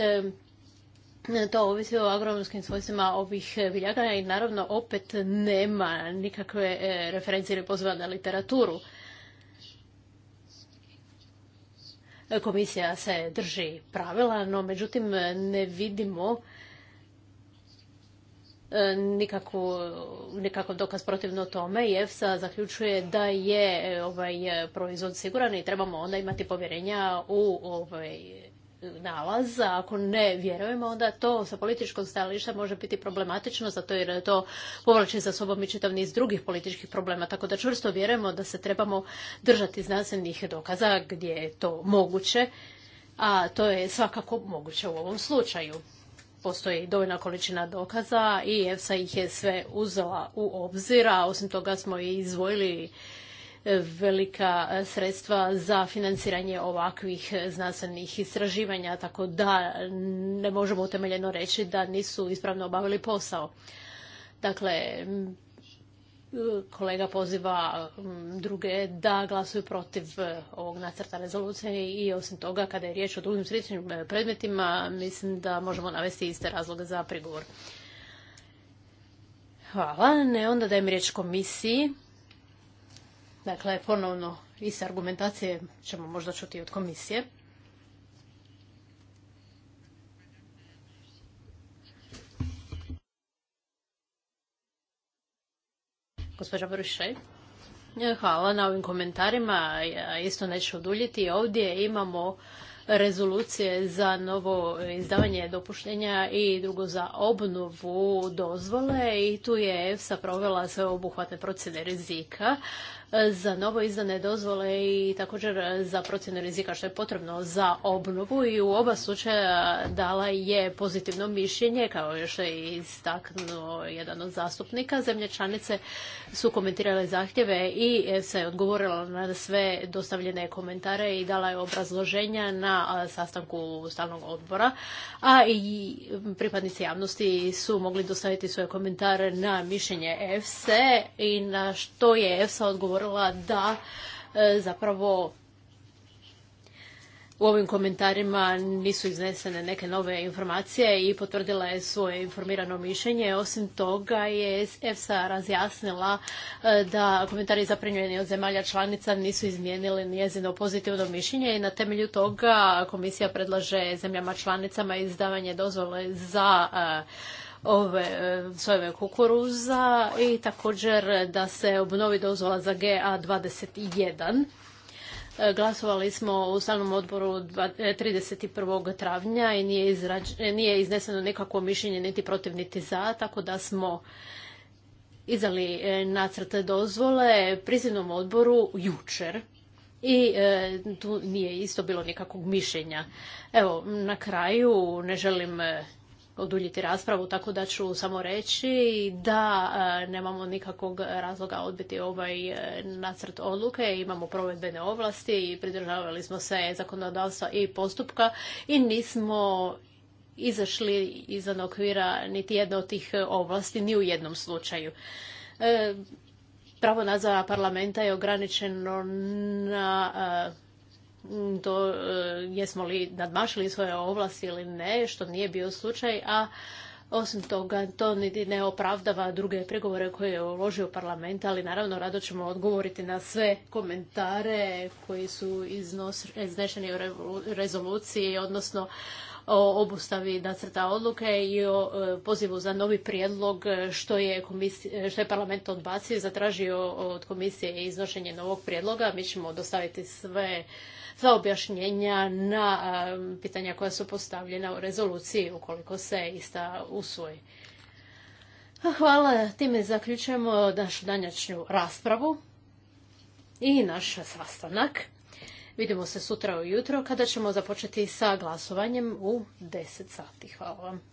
E, to ovisi o agronomskim svojstvima ovih e, biljaka i naravno opet nema nikakve e, referencije ili na literaturu. Komisija se drži pravila, no međutim ne vidimo nikakav dokaz protivno tome i EFSA zaključuje da je ovaj proizvod siguran i trebamo onda imati povjerenja u ovaj nalaz, ako ne vjerujemo, onda to sa političkog stajališta može biti problematično, zato jer to povlači za sobom i čitav niz drugih političkih problema, tako da čvrsto vjerujemo da se trebamo držati znanstvenih dokaza gdje je to moguće, a to je svakako moguće u ovom slučaju. Postoji dovoljna količina dokaza i EFSA ih je sve uzela u obzir, a osim toga smo i izvojili velika e, sredstva za financiranje ovakvih e, znanstvenih istraživanja, tako da ne možemo utemeljeno reći da nisu ispravno obavili posao. Dakle, kolega poziva druge da glasuju protiv e, ovog nacrta rezolucije i osim toga kada je riječ o drugim sličnim predmetima mislim da možemo navesti iste razloge za prigovor. Hvala. Ne, onda dajem riječ komisiji. Dakle, ponovno iste argumentacije ćemo možda čuti od komisije. Gospođa Brušaj. Hvala na ovim komentarima. Ja isto neću oduljiti. Ovdje imamo rezolucije za novo izdavanje dopuštenja i drugo za obnovu dozvole i tu je EFSA provela obuhvatne procjene rizika e, za novo izdane dozvole i također za procjenu rizika što je potrebno za obnovu i u oba slučaja dala je pozitivno mišljenje kao još je istaknuo jedan od zastupnika. Zemlje članice su komentirale zahtjeve i se odgovorila na sve dostavljene komentare i dala je obrazloženja na E, sastanku stalnog odbora, a i pripadnici javnosti su mogli dostaviti svoje komentare na mišljenje EFSE e i na što je EFSA e odgovorila da zapravo u ovim komentarima nisu iznesene neke nove informacije i potvrdila je svoje informirano mišljenje. Osim toga je EFSA razjasnila e, da komentari zaprimljeni od zemalja članica nisu izmijenili njezino pozitivno mišljenje i na temelju toga komisija predlaže zemljama članicama izdavanje dozvole za e, ove e, sojeve kukuruza i također da se obnovi dozvola za GA21 E, glasovali smo u stalnom odboru 31. E, travnja i nije, e, izneseno nikakvo mišljenje niti protiv niti za, tako da smo izdali nacrt dozvole prizivnom odboru jučer i tu nije isto bilo nikakvog mišljenja. Evo, na kraju ne želim oduljiti raspravu, tako da ću samo reći da e, nemamo nikakvog razloga odbiti ovaj e, nacrt odluke, imamo provedbene ovlasti i pridržavali smo se zakonodavstva i postupka i nismo izašli izvan okvira niti jedne od tih ovlasti ni u jednom slučaju. E, pravo nadzora parlamenta je ograničeno na Mm, to e, jesmo li nadmašili svoje ovlasti ili ne, što nije bio slučaj, a osim toga, to niti ne opravdava druge pregovore koje je uložio parlament, ali naravno rado ćemo odgovoriti na sve komentare koji su izneseni u rezoluciji, odnosno o obustavi nacrta odluke i o e, pozivu za novi prijedlog što je, što je parlament odbacio i zatražio od komisije iznošenje novog prijedloga. Mi ćemo dostaviti sve za objašnjenja na pitanja koja su postavljena u rezoluciji ukoliko se ista usvoji. Hvala, time zaključujemo našu danjačnju raspravu i naš sastanak. Vidimo se sutra ujutro kada ćemo započeti sa glasovanjem u 10 sati. Hvala vam.